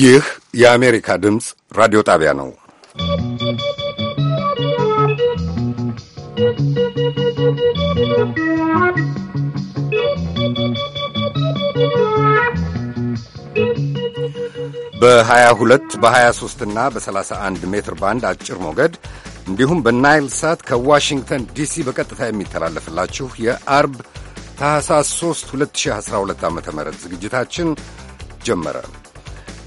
ይህ የአሜሪካ ድምፅ ራዲዮ ጣቢያ ነው። በ22 በ23 እና በ31 ሜትር ባንድ አጭር ሞገድ እንዲሁም በናይል ሳት ከዋሽንግተን ዲሲ በቀጥታ የሚተላለፍላችሁ የአርብ ታህሳስ 3 2012 ዓ ም ዝግጅታችን ጀመረ።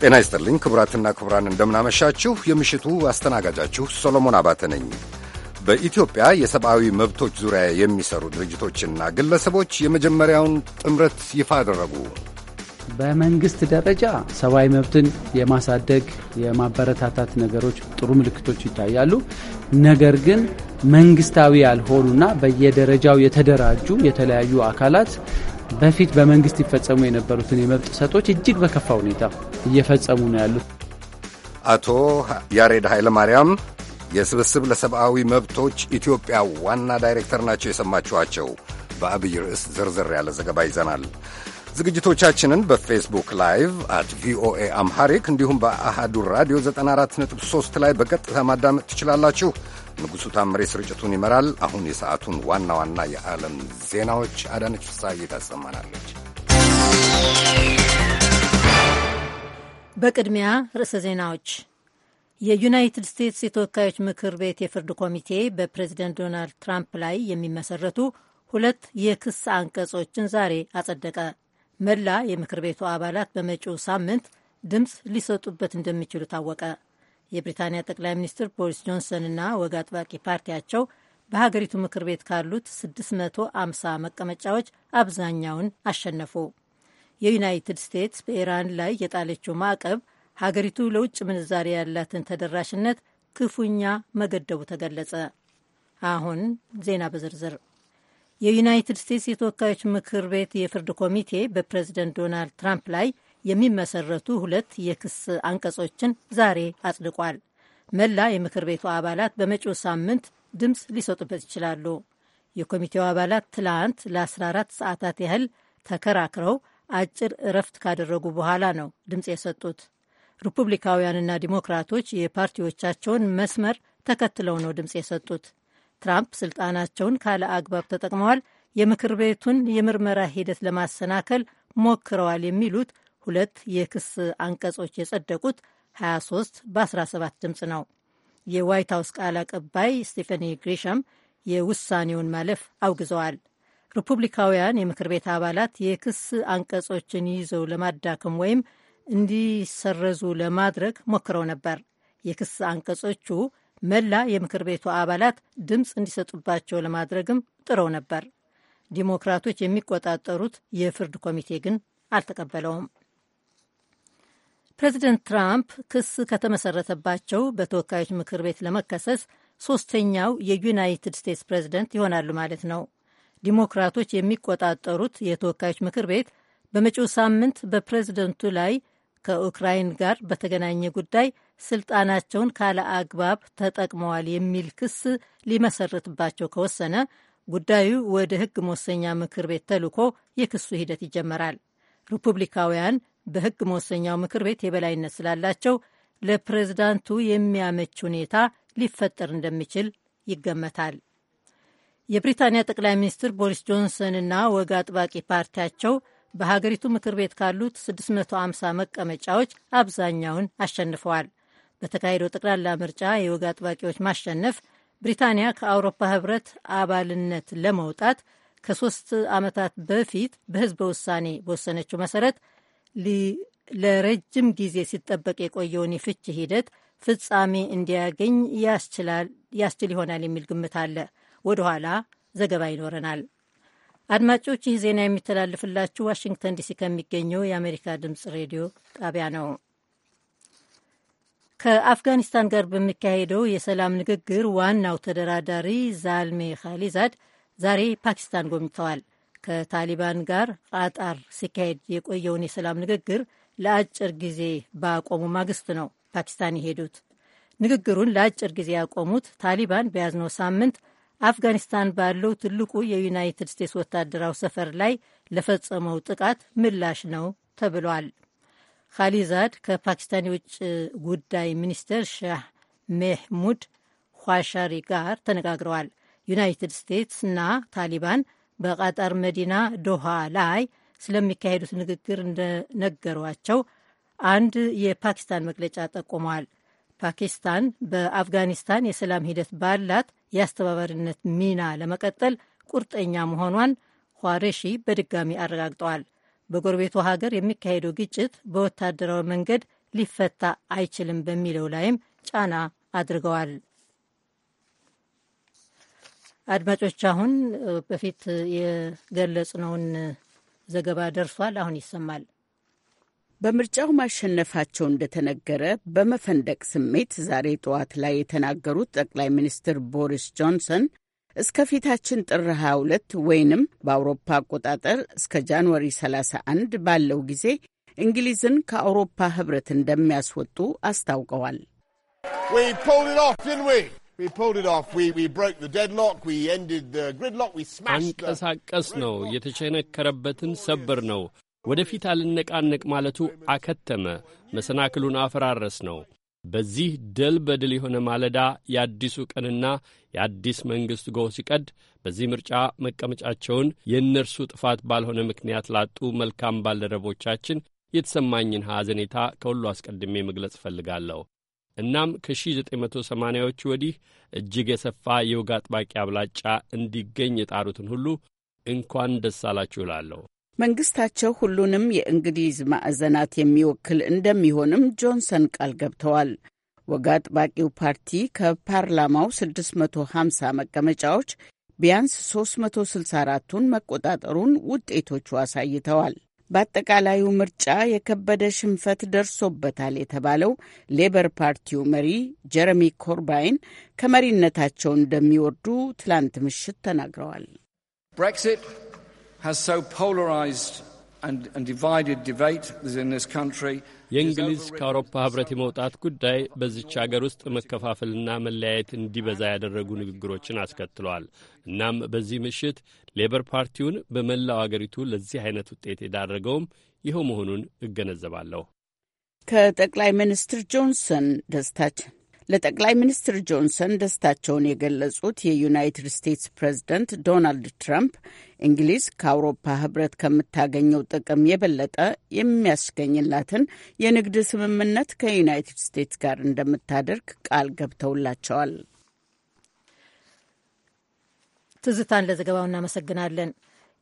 ጤና ይስጥልኝ ክቡራትና ክቡራን፣ እንደምናመሻችሁ። የምሽቱ አስተናጋጃችሁ ሶሎሞን አባተ ነኝ። በኢትዮጵያ የሰብአዊ መብቶች ዙሪያ የሚሰሩ ድርጅቶችና ግለሰቦች የመጀመሪያውን ጥምረት ይፋ አደረጉ። በመንግስት ደረጃ ሰብአዊ መብትን የማሳደግ የማበረታታት ነገሮች ጥሩ ምልክቶች ይታያሉ። ነገር ግን መንግስታዊ ያልሆኑና በየደረጃው የተደራጁ የተለያዩ አካላት በፊት በመንግስት ይፈጸሙ የነበሩትን የመብት ጥሰቶች እጅግ በከፋ ሁኔታ እየፈጸሙ ነው ያሉት አቶ ያሬድ ኃይለማርያም የስብስብ ለሰብአዊ መብቶች ኢትዮጵያ ዋና ዳይሬክተር ናቸው የሰማችኋቸው። በአብይ ርዕስ ዝርዝር ያለ ዘገባ ይዘናል። ዝግጅቶቻችንን በፌስቡክ ላይቭ አት ቪኦኤ አምሃሪክ እንዲሁም በአሃዱ ራዲዮ 94.3 ላይ በቀጥታ ማዳመጥ ትችላላችሁ። ንጉሡ ታምሬ ስርጭቱን ይመራል። አሁን የሰዓቱን ዋና ዋና የዓለም ዜናዎች አዳነች ፍስሐዬ ታሰማናለች። በቅድሚያ ርዕሰ ዜናዎች። የዩናይትድ ስቴትስ የተወካዮች ምክር ቤት የፍርድ ኮሚቴ በፕሬዝደንት ዶናልድ ትራምፕ ላይ የሚመሰረቱ ሁለት የክስ አንቀጾችን ዛሬ አጸደቀ። መላ የምክር ቤቱ አባላት በመጪው ሳምንት ድምፅ ሊሰጡበት እንደሚችሉ ታወቀ። የብሪታንያ ጠቅላይ ሚኒስትር ቦሪስ ጆንሰንና ወግ አጥባቂ ፓርቲያቸው በሀገሪቱ ምክር ቤት ካሉት 650 መቀመጫዎች አብዛኛውን አሸነፉ። የዩናይትድ ስቴትስ በኢራን ላይ የጣለችው ማዕቀብ ሀገሪቱ ለውጭ ምንዛሪ ያላትን ተደራሽነት ክፉኛ መገደቡ ተገለጸ። አሁን ዜና በዝርዝር። የዩናይትድ ስቴትስ የተወካዮች ምክር ቤት የፍርድ ኮሚቴ በፕሬዝደንት ዶናልድ ትራምፕ ላይ የሚመሰረቱ ሁለት የክስ አንቀጾችን ዛሬ አጽድቋል። መላ የምክር ቤቱ አባላት በመጪው ሳምንት ድምፅ ሊሰጡበት ይችላሉ። የኮሚቴው አባላት ትላንት ለ14 ሰዓታት ያህል ተከራክረው አጭር እረፍት ካደረጉ በኋላ ነው ድምፅ የሰጡት። ሪፑብሊካውያንና ዲሞክራቶች የፓርቲዎቻቸውን መስመር ተከትለው ነው ድምፅ የሰጡት። ትራምፕ ስልጣናቸውን ካለ አግባብ ተጠቅመዋል፣ የምክር ቤቱን የምርመራ ሂደት ለማሰናከል ሞክረዋል የሚሉት ሁለት የክስ አንቀጾች የጸደቁት 23 በ17 ድምፅ ነው። የዋይት ሀውስ ቃል አቀባይ ስቴፈኒ ግሪሻም የውሳኔውን ማለፍ አውግዘዋል። ሪፑብሊካውያን የምክር ቤት አባላት የክስ አንቀጾችን ይዘው ለማዳከም ወይም እንዲሰረዙ ለማድረግ ሞክረው ነበር። የክስ አንቀጾቹ መላ የምክር ቤቱ አባላት ድምፅ እንዲሰጡባቸው ለማድረግም ጥረው ነበር። ዲሞክራቶች የሚቆጣጠሩት የፍርድ ኮሚቴ ግን አልተቀበለውም። ፕሬዚደንት ትራምፕ ክስ ከተመሰረተባቸው በተወካዮች ምክር ቤት ለመከሰስ ሶስተኛው የዩናይትድ ስቴትስ ፕሬዚደንት ይሆናሉ ማለት ነው። ዲሞክራቶች የሚቆጣጠሩት የተወካዮች ምክር ቤት በመጪው ሳምንት በፕሬዚደንቱ ላይ ከኡክራይን ጋር በተገናኘ ጉዳይ ስልጣናቸውን ካለ አግባብ ተጠቅመዋል የሚል ክስ ሊመሰርትባቸው ከወሰነ ጉዳዩ ወደ ሕግ መወሰኛ ምክር ቤት ተልኮ የክሱ ሂደት ይጀመራል። ሪፑብሊካውያን በሕግ መወሰኛው ምክር ቤት የበላይነት ስላላቸው ለፕሬዝዳንቱ የሚያመች ሁኔታ ሊፈጠር እንደሚችል ይገመታል። የብሪታንያ ጠቅላይ ሚኒስትር ቦሪስ ጆንሰንና ወግ አጥባቂ ፓርቲያቸው በሀገሪቱ ምክር ቤት ካሉት 650 መቀመጫዎች አብዛኛውን አሸንፈዋል። በተካሄደው ጠቅላላ ምርጫ የወግ አጥባቂዎች ማሸነፍ ብሪታንያ ከአውሮፓ ህብረት አባልነት ለመውጣት ከሶስት ዓመታት በፊት በህዝበ ውሳኔ በወሰነችው መሰረት ለረጅም ጊዜ ሲጠበቅ የቆየውን የፍች ሂደት ፍጻሜ እንዲያገኝ ያስችል ይሆናል የሚል ግምት አለ። ወደ ኋላ ዘገባ ይኖረናል። አድማጮች፣ ይህ ዜና የሚተላለፍላችሁ ዋሽንግተን ዲሲ ከሚገኘው የአሜሪካ ድምፅ ሬዲዮ ጣቢያ ነው። ከአፍጋኒስታን ጋር በሚካሄደው የሰላም ንግግር ዋናው ተደራዳሪ ዛልሜ ካሊዛድ ዛሬ ፓኪስታን ጎብኝተዋል። ከታሊባን ጋር ቃጣር ሲካሄድ የቆየውን የሰላም ንግግር ለአጭር ጊዜ ባቆሙ ማግስት ነው ፓኪስታን የሄዱት። ንግግሩን ለአጭር ጊዜ ያቆሙት ታሊባን በያዝነው ሳምንት አፍጋኒስታን ባለው ትልቁ የዩናይትድ ስቴትስ ወታደራዊ ሰፈር ላይ ለፈጸመው ጥቃት ምላሽ ነው ተብሏል። ካሊዛድ ከፓኪስታን የውጭ ጉዳይ ሚኒስትር ሻህ ሜህሙድ ኳሻሪ ጋር ተነጋግረዋል። ዩናይትድ ስቴትስ እና ታሊባን በቃጣር መዲና ዶሃ ላይ ስለሚካሄዱት ንግግር እንደነገሯቸው አንድ የፓኪስታን መግለጫ ጠቁመዋል። ፓኪስታን በአፍጋኒስታን የሰላም ሂደት ባላት የአስተባባሪነት ሚና ለመቀጠል ቁርጠኛ መሆኗን ኳሬሺ በድጋሚ አረጋግጠዋል። በጎረቤቱ ሀገር የሚካሄደው ግጭት በወታደራዊ መንገድ ሊፈታ አይችልም በሚለው ላይም ጫና አድርገዋል። አድማጮች፣ አሁን በፊት የገለጽነውን ዘገባ ደርሷል። አሁን ይሰማል። በምርጫው ማሸነፋቸው እንደተነገረ በመፈንደቅ ስሜት ዛሬ ጠዋት ላይ የተናገሩት ጠቅላይ ሚኒስትር ቦሪስ ጆንሰን እስከ ፊታችን ጥር 22 ወይንም በአውሮፓ አቆጣጠር እስከ ጃንዋሪ 31 ባለው ጊዜ እንግሊዝን ከአውሮፓ ሕብረት እንደሚያስወጡ አስታውቀዋል። አንቀሳቀስ ነው የተቸነከረበትን oh, ሰብር ነው። ወደፊት አልነቃነቅ ማለቱ አከተመ፣ መሰናክሉን አፈራረስ ነው። በዚህ ድል በድል የሆነ ማለዳ የአዲሱ ቀንና የአዲስ መንግሥት ጎህ ሲቀድ በዚህ ምርጫ መቀመጫቸውን የእነርሱ ጥፋት ባልሆነ ምክንያት ላጡ መልካም ባልደረቦቻችን የተሰማኝን ሐዘኔታ ከሁሉ አስቀድሜ መግለጽ እፈልጋለሁ። እናም ከ1980ዎቹ ወዲህ እጅግ የሰፋ የወግ አጥባቂ አብላጫ እንዲገኝ የጣሩትን ሁሉ እንኳን ደስ አላችሁ እላለሁ። መንግስታቸው ሁሉንም የእንግሊዝ ማዕዘናት የሚወክል እንደሚሆንም ጆንሰን ቃል ገብተዋል። ወግ አጥባቂው ፓርቲ ከፓርላማው 650 መቀመጫዎች ቢያንስ 364ቱን መቆጣጠሩን ውጤቶቹ አሳይተዋል። በአጠቃላዩ ምርጫ የከበደ ሽንፈት ደርሶበታል የተባለው ሌበር ፓርቲው መሪ ጀረሚ ኮርባይን ከመሪነታቸው እንደሚወርዱ ትላንት ምሽት ተናግረዋል። ብሬክሲት ሶ ፖላራይዝድ polarized and, and divided debate የእንግሊዝ ከአውሮፓ ህብረት የመውጣት ጉዳይ በዚች አገር ውስጥ መከፋፈልና መለያየት እንዲበዛ ያደረጉ ንግግሮችን አስከትሏል። እናም በዚህ ምሽት ሌበር ፓርቲውን በመላው አገሪቱ ለዚህ አይነት ውጤት የዳረገውም ይኸው መሆኑን እገነዘባለሁ። ከጠቅላይ ሚኒስትር ጆንሰን ደስታችን ለጠቅላይ ሚኒስትር ጆንሰን ደስታቸውን የገለጹት የዩናይትድ ስቴትስ ፕሬዝደንት ዶናልድ ትራምፕ እንግሊዝ ከአውሮፓ ሕብረት ከምታገኘው ጥቅም የበለጠ የሚያስገኝላትን የንግድ ስምምነት ከዩናይትድ ስቴትስ ጋር እንደምታደርግ ቃል ገብተውላቸዋል። ትዝታን ለዘገባው እናመሰግናለን።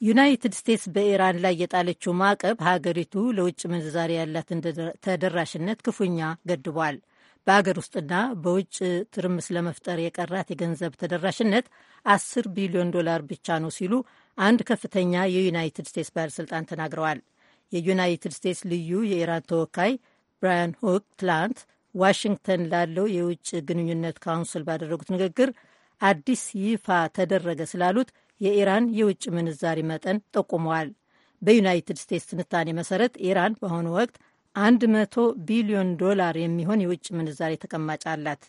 ዩናይትድ ስቴትስ በኢራን ላይ የጣለችው ማዕቀብ ሀገሪቱ ለውጭ ምንዛሪ ያላትን ተደራሽነት ክፉኛ ገድቧል። በአገር ውስጥና በውጭ ትርምስ ለመፍጠር የቀራት የገንዘብ ተደራሽነት አስር ቢሊዮን ዶላር ብቻ ነው ሲሉ አንድ ከፍተኛ የዩናይትድ ስቴትስ ባለሥልጣን ተናግረዋል። የዩናይትድ ስቴትስ ልዩ የኢራን ተወካይ ብራያን ሁክ ትላንት ዋሽንግተን ላለው የውጭ ግንኙነት ካውንስል ባደረጉት ንግግር አዲስ ይፋ ተደረገ ስላሉት የኢራን የውጭ ምንዛሪ መጠን ጠቁመዋል። በዩናይትድ ስቴትስ ትንታኔ መሰረት ኢራን በአሁኑ ወቅት 100 ቢሊዮን ዶላር የሚሆን የውጭ ምንዛሬ ተቀማጭ አላት።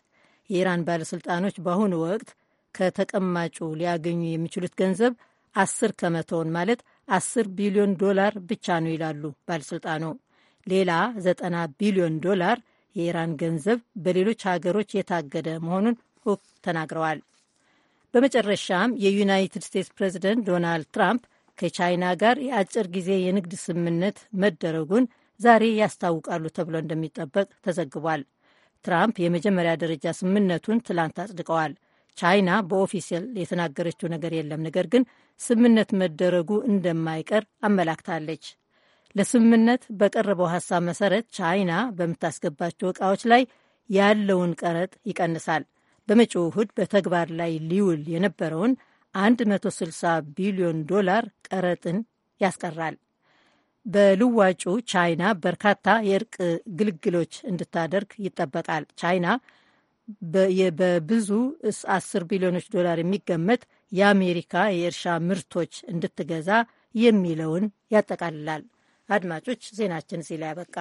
የኢራን ባለሥልጣኖች በአሁኑ ወቅት ከተቀማጩ ሊያገኙ የሚችሉት ገንዘብ 10 ከመቶውን ማለት 10 ቢሊዮን ዶላር ብቻ ነው ይላሉ ባለሥልጣኑ። ሌላ 90 ቢሊዮን ዶላር የኢራን ገንዘብ በሌሎች ሀገሮች የታገደ መሆኑን ሁክ ተናግረዋል። በመጨረሻም የዩናይትድ ስቴትስ ፕሬዚደንት ዶናልድ ትራምፕ ከቻይና ጋር የአጭር ጊዜ የንግድ ስምምነት መደረጉን ዛሬ ያስታውቃሉ ተብሎ እንደሚጠበቅ ተዘግቧል። ትራምፕ የመጀመሪያ ደረጃ ስምምነቱን ትላንት አጽድቀዋል። ቻይና በኦፊሴል የተናገረችው ነገር የለም፣ ነገር ግን ስምምነት መደረጉ እንደማይቀር አመላክታለች። ለስምምነት በቀረበው ሀሳብ መሰረት ቻይና በምታስገባቸው ዕቃዎች ላይ ያለውን ቀረጥ ይቀንሳል። በመጪው እሁድ በተግባር ላይ ሊውል የነበረውን 160 ቢሊዮን ዶላር ቀረጥን ያስቀራል። በልዋጩ ቻይና በርካታ የእርቅ ግልግሎች እንድታደርግ ይጠበቃል። ቻይና በብዙ አስር ቢሊዮኖች ዶላር የሚገመት የአሜሪካ የእርሻ ምርቶች እንድትገዛ የሚለውን ያጠቃልላል። አድማጮች ዜናችን እዚህ ላይ ያበቃ።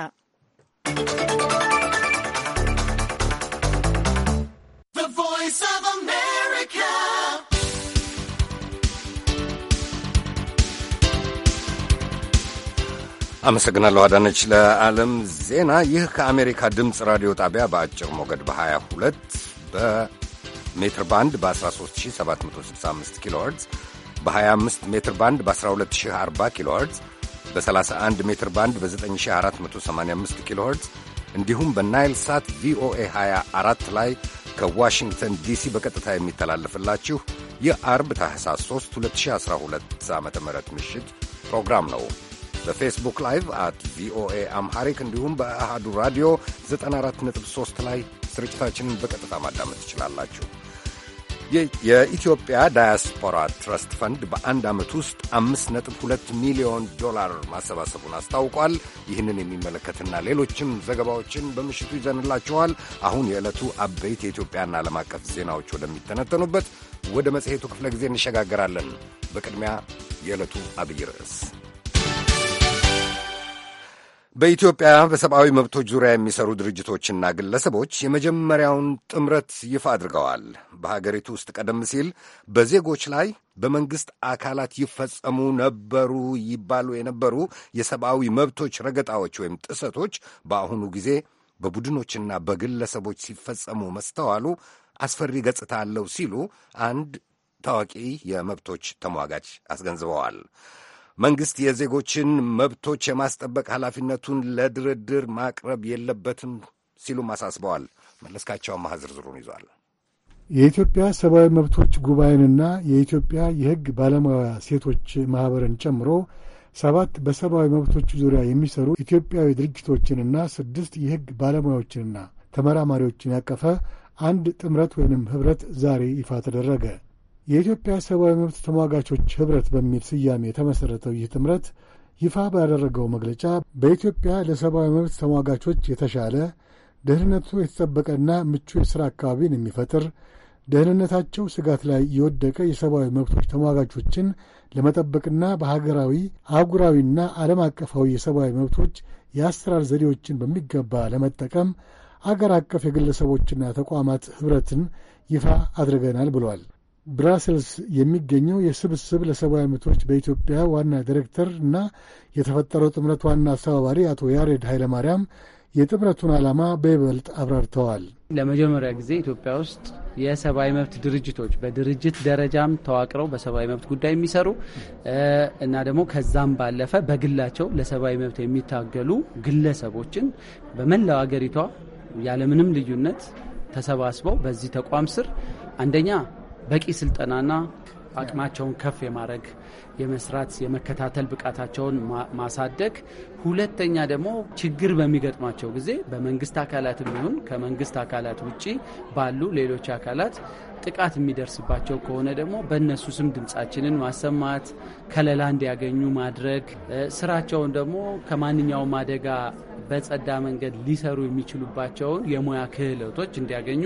አመሰግናለሁ አዳነች ለዓለም ዜና። ይህ ከአሜሪካ ድምፅ ራዲዮ ጣቢያ በአጭር ሞገድ በ22 በሜትር ባንድ በ13765 ኪሎ ሄርዝ በ25 ሜትር ባንድ በ 1240 ኪሎ ሄርዝ በ31 ሜትር ባንድ በ9485 ኪሎ ሄርዝ እንዲሁም በናይል ሳት ቪኦኤ 24 ላይ ከዋሽንግተን ዲሲ በቀጥታ የሚተላለፍላችሁ የአርብ ታህሳስ 3 2012 ዓ ም ምሽት ፕሮግራም ነው። በፌስቡክ ላይቭ አት ቪኦኤ አምሃሪክ እንዲሁም በአሃዱ ራዲዮ 94.3 ላይ ስርጭታችንን በቀጥታ ማዳመጥ ትችላላችሁ። የኢትዮጵያ ዳያስፖራ ትረስት ፈንድ በአንድ ዓመት ውስጥ 5.2 ሚሊዮን ዶላር ማሰባሰቡን አስታውቋል። ይህንን የሚመለከትና ሌሎችም ዘገባዎችን በምሽቱ ይዘንላችኋል። አሁን የዕለቱ አበይት የኢትዮጵያና ዓለም አቀፍ ዜናዎች ወደሚተነተኑበት ወደ መጽሔቱ ክፍለ ጊዜ እንሸጋገራለን። በቅድሚያ የዕለቱ አብይ ርዕስ በኢትዮጵያ በሰብአዊ መብቶች ዙሪያ የሚሰሩ ድርጅቶችና ግለሰቦች የመጀመሪያውን ጥምረት ይፋ አድርገዋል። በሀገሪቱ ውስጥ ቀደም ሲል በዜጎች ላይ በመንግሥት አካላት ይፈጸሙ ነበሩ ይባሉ የነበሩ የሰብአዊ መብቶች ረገጣዎች ወይም ጥሰቶች በአሁኑ ጊዜ በቡድኖችና በግለሰቦች ሲፈጸሙ መስተዋሉ አስፈሪ ገጽታ አለው ሲሉ አንድ ታዋቂ የመብቶች ተሟጋች አስገንዝበዋል። መንግሥት የዜጎችን መብቶች የማስጠበቅ ኃላፊነቱን ለድርድር ማቅረብ የለበትም ሲሉም አሳስበዋል። መለስካቸው አማሃ ዝርዝሩን ይዟል። የኢትዮጵያ ሰብአዊ መብቶች ጉባኤንና የኢትዮጵያ የሕግ ባለሙያ ሴቶች ማኅበርን ጨምሮ ሰባት በሰብአዊ መብቶች ዙሪያ የሚሰሩ ኢትዮጵያዊ ድርጅቶችንና ስድስት የሕግ ባለሙያዎችንና ተመራማሪዎችን ያቀፈ አንድ ጥምረት ወይንም ኅብረት ዛሬ ይፋ ተደረገ። የኢትዮጵያ ሰብአዊ መብት ተሟጋቾች ኅብረት በሚል ስያሜ የተመሠረተው ይህ ጥምረት ይፋ ባደረገው መግለጫ በኢትዮጵያ ለሰብአዊ መብት ተሟጋቾች የተሻለ ደህንነቱ የተጠበቀና ምቹ የሥራ አካባቢን የሚፈጥር ደህንነታቸው ስጋት ላይ የወደቀ የሰብአዊ መብቶች ተሟጋቾችን ለመጠበቅና በሀገራዊ አህጉራዊና ዓለም አቀፋዊ የሰብአዊ መብቶች የአሰራር ዘዴዎችን በሚገባ ለመጠቀም አገር አቀፍ የግለሰቦችና ተቋማት ኅብረትን ይፋ አድርገናል ብሏል። ብራሰልስ የሚገኘው የስብስብ ለሰብአዊ መብቶች በኢትዮጵያ ዋና ዲሬክተር እና የተፈጠረው ጥምረት ዋና አስተባባሪ አቶ ያሬድ ኃይለማርያም የጥምረቱን ዓላማ በይበልጥ አብራርተዋል። ለመጀመሪያ ጊዜ ኢትዮጵያ ውስጥ የሰብአዊ መብት ድርጅቶች በድርጅት ደረጃም ተዋቅረው በሰብአዊ መብት ጉዳይ የሚሰሩ እና ደግሞ ከዛም ባለፈ በግላቸው ለሰብአዊ መብት የሚታገሉ ግለሰቦችን በመላው አገሪቷ ያለምንም ልዩነት ተሰባስበው በዚህ ተቋም ስር አንደኛ በቂ ስልጠናና አቅማቸውን ከፍ የማድረግ የመስራት የመከታተል ብቃታቸውን ማሳደግ፣ ሁለተኛ ደግሞ ችግር በሚገጥማቸው ጊዜ በመንግስት አካላት ቢሆን ከመንግስት አካላት ውጭ ባሉ ሌሎች አካላት ጥቃት የሚደርስባቸው ከሆነ ደግሞ በእነሱ ስም ድምፃችንን ማሰማት፣ ከለላ እንዲያገኙ ማድረግ፣ ስራቸውን ደግሞ ከማንኛውም አደጋ በጸዳ መንገድ ሊሰሩ የሚችሉባቸውን የሙያ ክህሎቶች እንዲያገኙ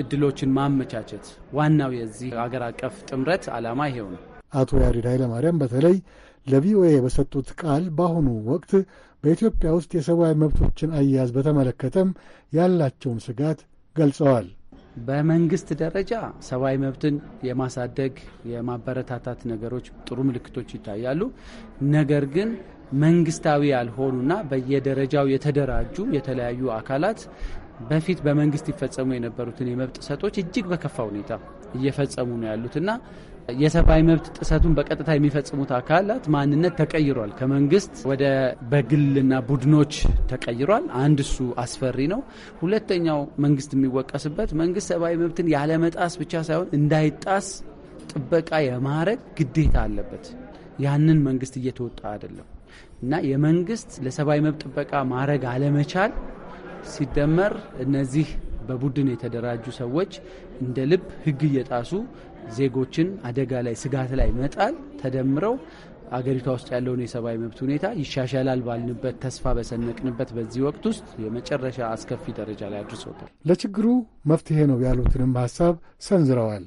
እድሎችን ማመቻቸት ዋናው የዚህ አገር አቀፍ ጥምረት ዓላማ ይሄው ነው። አቶ ያሬድ ኃይለማርያም በተለይ ለቪኦኤ በሰጡት ቃል በአሁኑ ወቅት በኢትዮጵያ ውስጥ የሰብአዊ መብቶችን አያያዝ በተመለከተም ያላቸውን ስጋት ገልጸዋል። በመንግስት ደረጃ ሰብአዊ መብትን የማሳደግ የማበረታታት ነገሮች ጥሩ ምልክቶች ይታያሉ። ነገር ግን መንግስታዊ ያልሆኑና በየደረጃው የተደራጁ የተለያዩ አካላት በፊት በመንግስት ይፈጸሙ የነበሩትን የመብት ጥሰቶች እጅግ በከፋ ሁኔታ እየፈጸሙ ነው ያሉትና የሰብአዊ መብት ጥሰቱን በቀጥታ የሚፈጽሙት አካላት ማንነት ተቀይሯል። ከመንግስት ወደ በግልና ቡድኖች ተቀይሯል። አንድ እሱ አስፈሪ ነው። ሁለተኛው መንግስት የሚወቀስበት መንግስት ሰብአዊ መብትን ያለመጣስ ብቻ ሳይሆን እንዳይጣስ ጥበቃ የማረግ ግዴታ አለበት። ያንን መንግስት እየተወጣ አይደለም። እና የመንግስት ለሰብአዊ መብት ጥበቃ ማድረግ አለመቻል ሲደመር እነዚህ በቡድን የተደራጁ ሰዎች እንደ ልብ ህግ እየጣሱ ዜጎችን አደጋ ላይ ስጋት ላይ መጣል ተደምረው አገሪቷ ውስጥ ያለውን የሰብአዊ መብት ሁኔታ ይሻሻላል ባልንበት ተስፋ በሰነቅንበት በዚህ ወቅት ውስጥ የመጨረሻ አስከፊ ደረጃ ላይ አድርሶታል። ለችግሩ መፍትሄ ነው ያሉትንም ሀሳብ ሰንዝረዋል።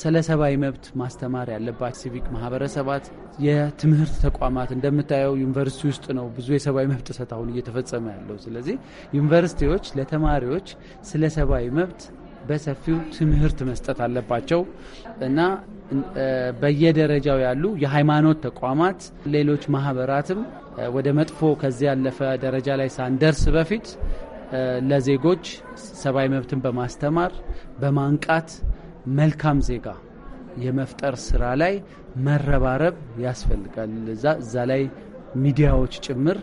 ስለ ሰብአዊ መብት ማስተማር ያለባት ሲቪክ ማህበረሰባት፣ የትምህርት ተቋማት እንደምታየው ዩኒቨርሲቲ ውስጥ ነው ብዙ የሰብአዊ መብት ጥሰት አሁን እየተፈጸመ ያለው። ስለዚህ ዩኒቨርሲቲዎች ለተማሪዎች ስለ ሰብአዊ መብት በሰፊው ትምህርት መስጠት አለባቸው እና በየደረጃው ያሉ የሃይማኖት ተቋማት፣ ሌሎች ማህበራትም ወደ መጥፎ ከዚህ ያለፈ ደረጃ ላይ ሳንደርስ በፊት ለዜጎች ሰብአዊ መብትን በማስተማር በማንቃት መልካም ዜጋ የመፍጠር ስራ ላይ መረባረብ ያስፈልጋል። እዛ ላይ ሚዲያዎች ጭምር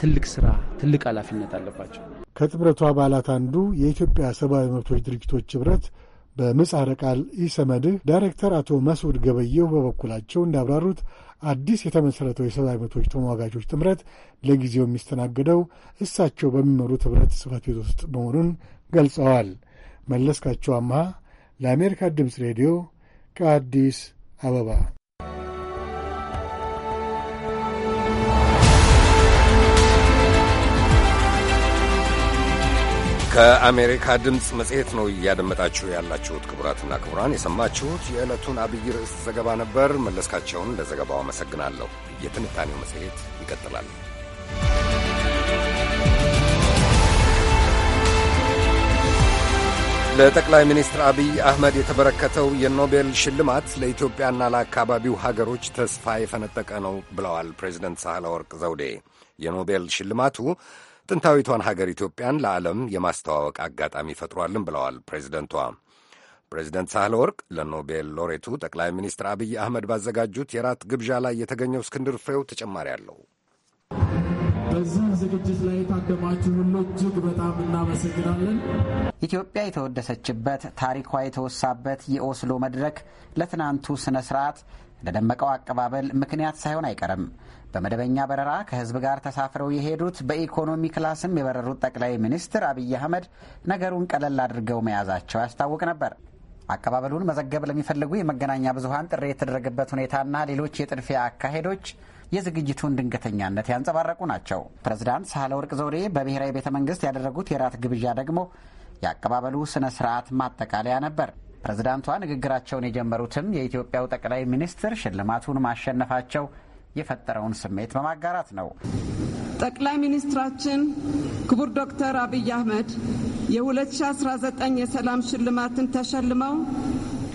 ትልቅ ስራ፣ ትልቅ ኃላፊነት አለባቸው። ከጥምረቱ አባላት አንዱ የኢትዮጵያ ሰብአዊ መብቶች ድርጅቶች ኅብረት በምህጻረ ቃል ኢሰመድህ ዳይሬክተር አቶ መስዑድ ገበየሁ በበኩላቸው እንዳብራሩት አዲስ የተመሠረተው የሰብአዊ መብቶች ተሟጋቾች ጥምረት ለጊዜው የሚስተናገደው እሳቸው በሚመሩት ኅብረት ጽሕፈት ቤት ውስጥ መሆኑን ገልጸዋል። መለስካቸው አምሃ ለአሜሪካ ድምፅ ሬዲዮ ከአዲስ አበባ ከአሜሪካ ድምፅ መጽሔት ነው እያደመጣችሁ ያላችሁት። ክቡራትና ክቡራን የሰማችሁት የዕለቱን አብይ ርዕስ ዘገባ ነበር። መለስካቸውን ለዘገባው አመሰግናለሁ። የትንታኔው መጽሔት ይቀጥላል። ለጠቅላይ ሚኒስትር አብይ አህመድ የተበረከተው የኖቤል ሽልማት ለኢትዮጵያና ለአካባቢው ሀገሮች ተስፋ የፈነጠቀ ነው ብለዋል ፕሬዚደንት ሳህለ ወርቅ ዘውዴ። የኖቤል ሽልማቱ ጥንታዊቷን ሀገር ኢትዮጵያን ለዓለም የማስተዋወቅ አጋጣሚ ፈጥሯልን ብለዋል ፕሬዚደንቷ። ፕሬዚደንት ሳህለ ወርቅ ለኖቤል ሎሬቱ ጠቅላይ ሚኒስትር አብይ አህመድ ባዘጋጁት የራት ግብዣ ላይ የተገኘው እስክንድር ፍሬው ተጨማሪ አለው። በዚህ ዝግጅት ላይ የታደማችሁ ሁሉ እጅግ በጣም እናመሰግናለን። ኢትዮጵያ የተወደሰችበት ታሪኳ የተወሳበት የኦስሎ መድረክ ለትናንቱ ስነ ስርዓት ለደመቀው አቀባበል ምክንያት ሳይሆን አይቀርም። በመደበኛ በረራ ከህዝብ ጋር ተሳፍረው የሄዱት በኢኮኖሚ ክላስም የበረሩት ጠቅላይ ሚኒስትር አብይ አህመድ ነገሩን ቀለል አድርገው መያዛቸው ያስታውቅ ነበር። አቀባበሉን መዘገብ ለሚፈልጉ የመገናኛ ብዙሀን ጥሪ የተደረገበት ሁኔታና ሌሎች የጥድፊያ አካሄዶች የዝግጅቱን ድንገተኛነት ያንጸባረቁ ናቸው። ፕሬዝዳንት ሳህለወርቅ ዘውዴ በብሔራዊ ቤተ መንግስት ያደረጉት የራት ግብዣ ደግሞ የአቀባበሉ ስነ ስርዓት ማጠቃለያ ነበር። ፕሬዝዳንቷ ንግግራቸውን የጀመሩትም የኢትዮጵያው ጠቅላይ ሚኒስትር ሽልማቱን ማሸነፋቸው የፈጠረውን ስሜት በማጋራት ነው። ጠቅላይ ሚኒስትራችን ክቡር ዶክተር አብይ አህመድ የ2019 የሰላም ሽልማትን ተሸልመው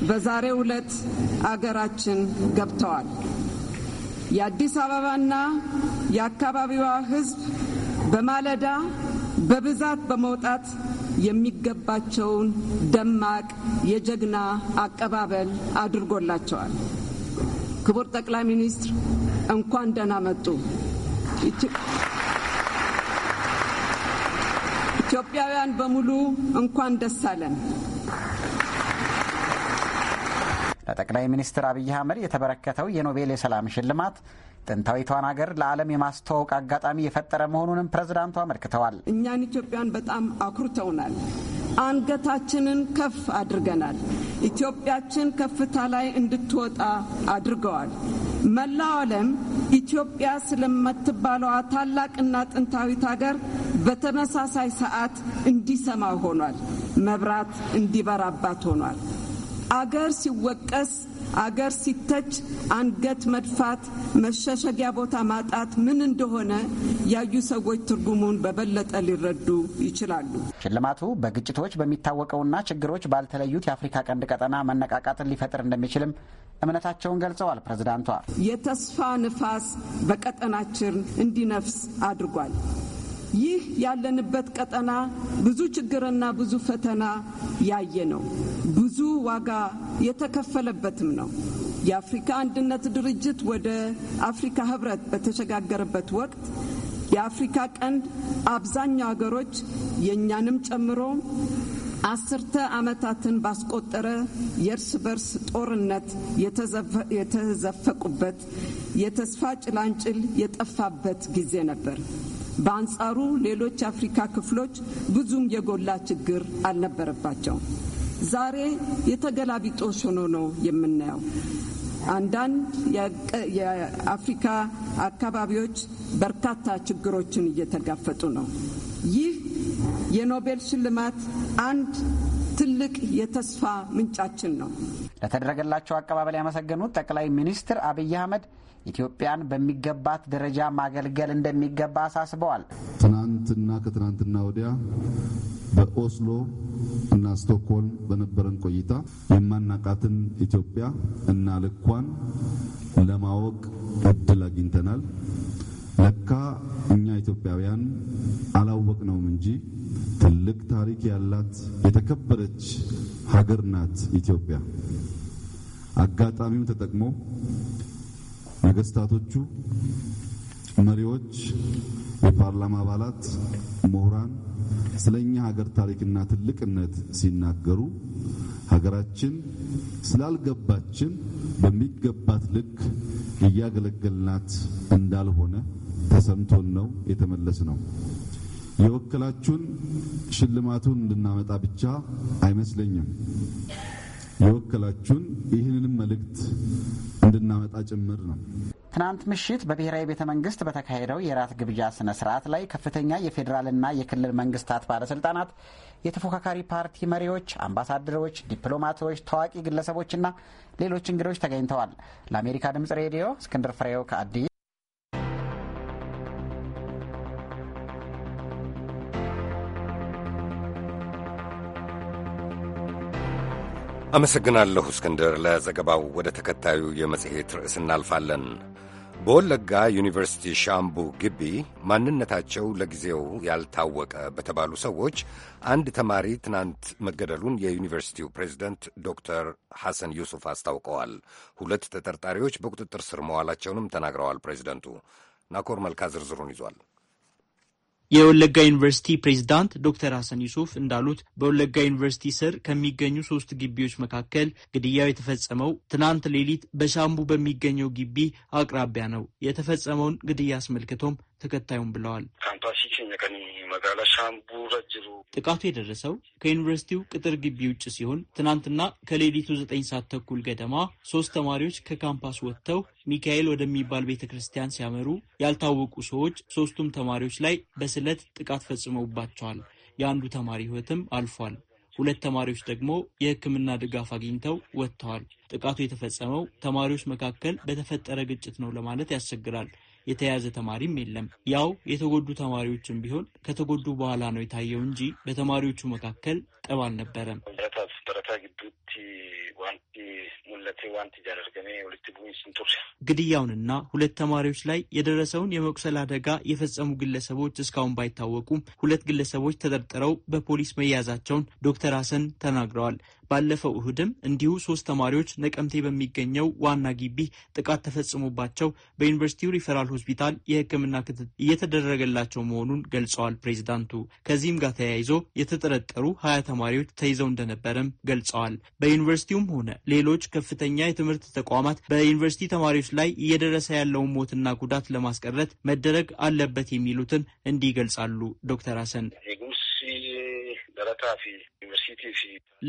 በዛሬው ዕለት አገራችን ገብተዋል። የአዲስ አበባና የአካባቢዋ ሕዝብ በማለዳ በብዛት በመውጣት የሚገባቸውን ደማቅ የጀግና አቀባበል አድርጎላቸዋል። ክቡር ጠቅላይ ሚኒስትር እንኳን ደህና መጡ። ኢትዮጵያውያን በሙሉ እንኳን ደስ አለን። ለጠቅላይ ሚኒስትር አብይ አህመድ የተበረከተው የኖቤል የሰላም ሽልማት ጥንታዊቷን ሀገር ለዓለም የማስተዋወቅ አጋጣሚ የፈጠረ መሆኑንም ፕሬዝዳንቱ አመልክተዋል። እኛን ኢትዮጵያን በጣም አኩርተውናል። አንገታችንን ከፍ አድርገናል። ኢትዮጵያችን ከፍታ ላይ እንድትወጣ አድርገዋል። መላው ዓለም ኢትዮጵያ ስለምትባለዋ ታላቅና ጥንታዊት ሀገር በተመሳሳይ ሰዓት እንዲሰማ ሆኗል። መብራት እንዲበራባት ሆኗል። አገር ሲወቀስ፣ አገር ሲተች አንገት መድፋት፣ መሸሸጊያ ቦታ ማጣት ምን እንደሆነ ያዩ ሰዎች ትርጉሙን በበለጠ ሊረዱ ይችላሉ። ሽልማቱ በግጭቶች በሚታወቀውና ችግሮች ባልተለዩት የአፍሪካ ቀንድ ቀጠና መነቃቃትን ሊፈጥር እንደሚችልም እምነታቸውን ገልጸዋል። ፕሬዝዳንቷ የተስፋ ንፋስ በቀጠናችን እንዲነፍስ አድርጓል። ይህ ያለንበት ቀጠና ብዙ ችግርና ብዙ ፈተና ያየ ነው። ብዙ ዋጋ የተከፈለበትም ነው። የአፍሪካ አንድነት ድርጅት ወደ አፍሪካ ህብረት በተሸጋገረበት ወቅት የአፍሪካ ቀንድ አብዛኛው ሀገሮች የእኛንም ጨምሮ አስርተ ዓመታትን ባስቆጠረ የእርስ በርስ ጦርነት የተዘፈቁበት የተስፋ ጭላንጭል የጠፋበት ጊዜ ነበር። በአንጻሩ ሌሎች የአፍሪካ ክፍሎች ብዙም የጎላ ችግር አልነበረባቸው። ዛሬ የተገላቢጦሽ ሆኖ ነው የምናየው። አንዳንድ የአፍሪካ አካባቢዎች በርካታ ችግሮችን እየተጋፈጡ ነው። ይህ የኖቤል ሽልማት አንድ ትልቅ የተስፋ ምንጫችን ነው። ለተደረገላቸው አቀባበል ያመሰገኑት ጠቅላይ ሚኒስትር አብይ አህመድ ኢትዮጵያን በሚገባት ደረጃ ማገልገል እንደሚገባ አሳስበዋል። ትናንትና ከትናንትና ወዲያ በኦስሎ እና ስቶክሆልም በነበረን ቆይታ የማናቃትን ኢትዮጵያ እና ልኳን ለማወቅ እድል አግኝተናል። ለካ እኛ ኢትዮጵያውያን አላወቅነውም እንጂ ትልቅ ታሪክ ያላት የተከበረች ሀገር ናት ኢትዮጵያ። አጋጣሚውን ተጠቅሞ ነገስታቶቹ፣ መሪዎች፣ የፓርላማ አባላት፣ ምሁራን ስለ እኛ ሀገር ታሪክና ትልቅነት ሲናገሩ ሀገራችን ስላልገባችን በሚገባት ልክ እያገለገልናት እንዳልሆነ ተሰምቶን ነው የተመለስ ነው። የወከላችሁን ሽልማቱን እንድናመጣ ብቻ አይመስለኝም። የወከላችሁን ይህንንም መልእክት እንድናመጣ ጭምር ነው። ትናንት ምሽት በብሔራዊ ቤተ መንግስት በተካሄደው የራት ግብዣ ስነ ስርዓት ላይ ከፍተኛ የፌዴራልና የክልል መንግስታት ባለስልጣናት፣ የተፎካካሪ ፓርቲ መሪዎች፣ አምባሳደሮች፣ ዲፕሎማቶች፣ ታዋቂ ግለሰቦችና ሌሎች እንግዶች ተገኝተዋል። ለአሜሪካ ድምጽ ሬዲዮ እስክንድር ፍሬው ከአዲስ አመሰግናለሁ እስክንድር ለዘገባው። ወደ ተከታዩ የመጽሔት ርዕስ እናልፋለን። በወለጋ ዩኒቨርሲቲ ሻምቡ ግቢ ማንነታቸው ለጊዜው ያልታወቀ በተባሉ ሰዎች አንድ ተማሪ ትናንት መገደሉን የዩኒቨርሲቲው ፕሬዚደንት ዶክተር ሐሰን ዩሱፍ አስታውቀዋል። ሁለት ተጠርጣሪዎች በቁጥጥር ስር መዋላቸውንም ተናግረዋል ፕሬዚደንቱ። ናኮር መልካ ዝርዝሩን ይዟል። የወለጋ ዩኒቨርሲቲ ፕሬዚዳንት ዶክተር ሀሰን ዩሱፍ እንዳሉት በወለጋ ዩኒቨርሲቲ ስር ከሚገኙ ሶስት ግቢዎች መካከል ግድያው የተፈጸመው ትናንት ሌሊት በሻምቡ በሚገኘው ግቢ አቅራቢያ ነው። የተፈጸመውን ግድያ አስመልክቶም ተከታዩም ብለዋል። ጥቃቱ የደረሰው ከዩኒቨርሲቲው ቅጥር ግቢ ውጭ ሲሆን ትናንትና ከሌሊቱ ዘጠኝ ሰዓት ተኩል ገደማ ሶስት ተማሪዎች ከካምፓስ ወጥተው ሚካኤል ወደሚባል ቤተ ክርስቲያን ሲያመሩ ያልታወቁ ሰዎች ሶስቱም ተማሪዎች ላይ በስለት ጥቃት ፈጽመውባቸዋል። የአንዱ ተማሪ ሕይወትም አልፏል። ሁለት ተማሪዎች ደግሞ የሕክምና ድጋፍ አግኝተው ወጥተዋል። ጥቃቱ የተፈጸመው ተማሪዎች መካከል በተፈጠረ ግጭት ነው ለማለት ያስቸግራል። የተያዘ ተማሪም የለም። ያው የተጎዱ ተማሪዎችም ቢሆን ከተጎዱ በኋላ ነው የታየው እንጂ በተማሪዎቹ መካከል ጠብ አልነበረም። ግድያውንና ሁለት ተማሪዎች ላይ የደረሰውን የመቁሰል አደጋ የፈጸሙ ግለሰቦች እስካሁን ባይታወቁም ሁለት ግለሰቦች ተጠርጥረው በፖሊስ መያዛቸውን ዶክተር ሀሰን ተናግረዋል። ባለፈው እሁድም እንዲሁ ሶስት ተማሪዎች ነቀምቴ በሚገኘው ዋና ግቢ ጥቃት ተፈጽሞባቸው በዩኒቨርሲቲው ሪፈራል ሆስፒታል የሕክምና ክትትል እየተደረገላቸው መሆኑን ገልጸዋል። ፕሬዚዳንቱ ከዚህም ጋር ተያይዞ የተጠረጠሩ ሀያ ተማሪዎች ተይዘው እንደነበረም ገልጸዋል። በዩኒቨርሲቲውም ሆነ ሌሎች ከፍተኛ የትምህርት ተቋማት በዩኒቨርሲቲ ተማሪዎች ላይ እየደረሰ ያለውን ሞትና ጉዳት ለማስቀረት መደረግ አለበት የሚሉትን እንዲህ ይገልጻሉ ዶክተር ሀሰን።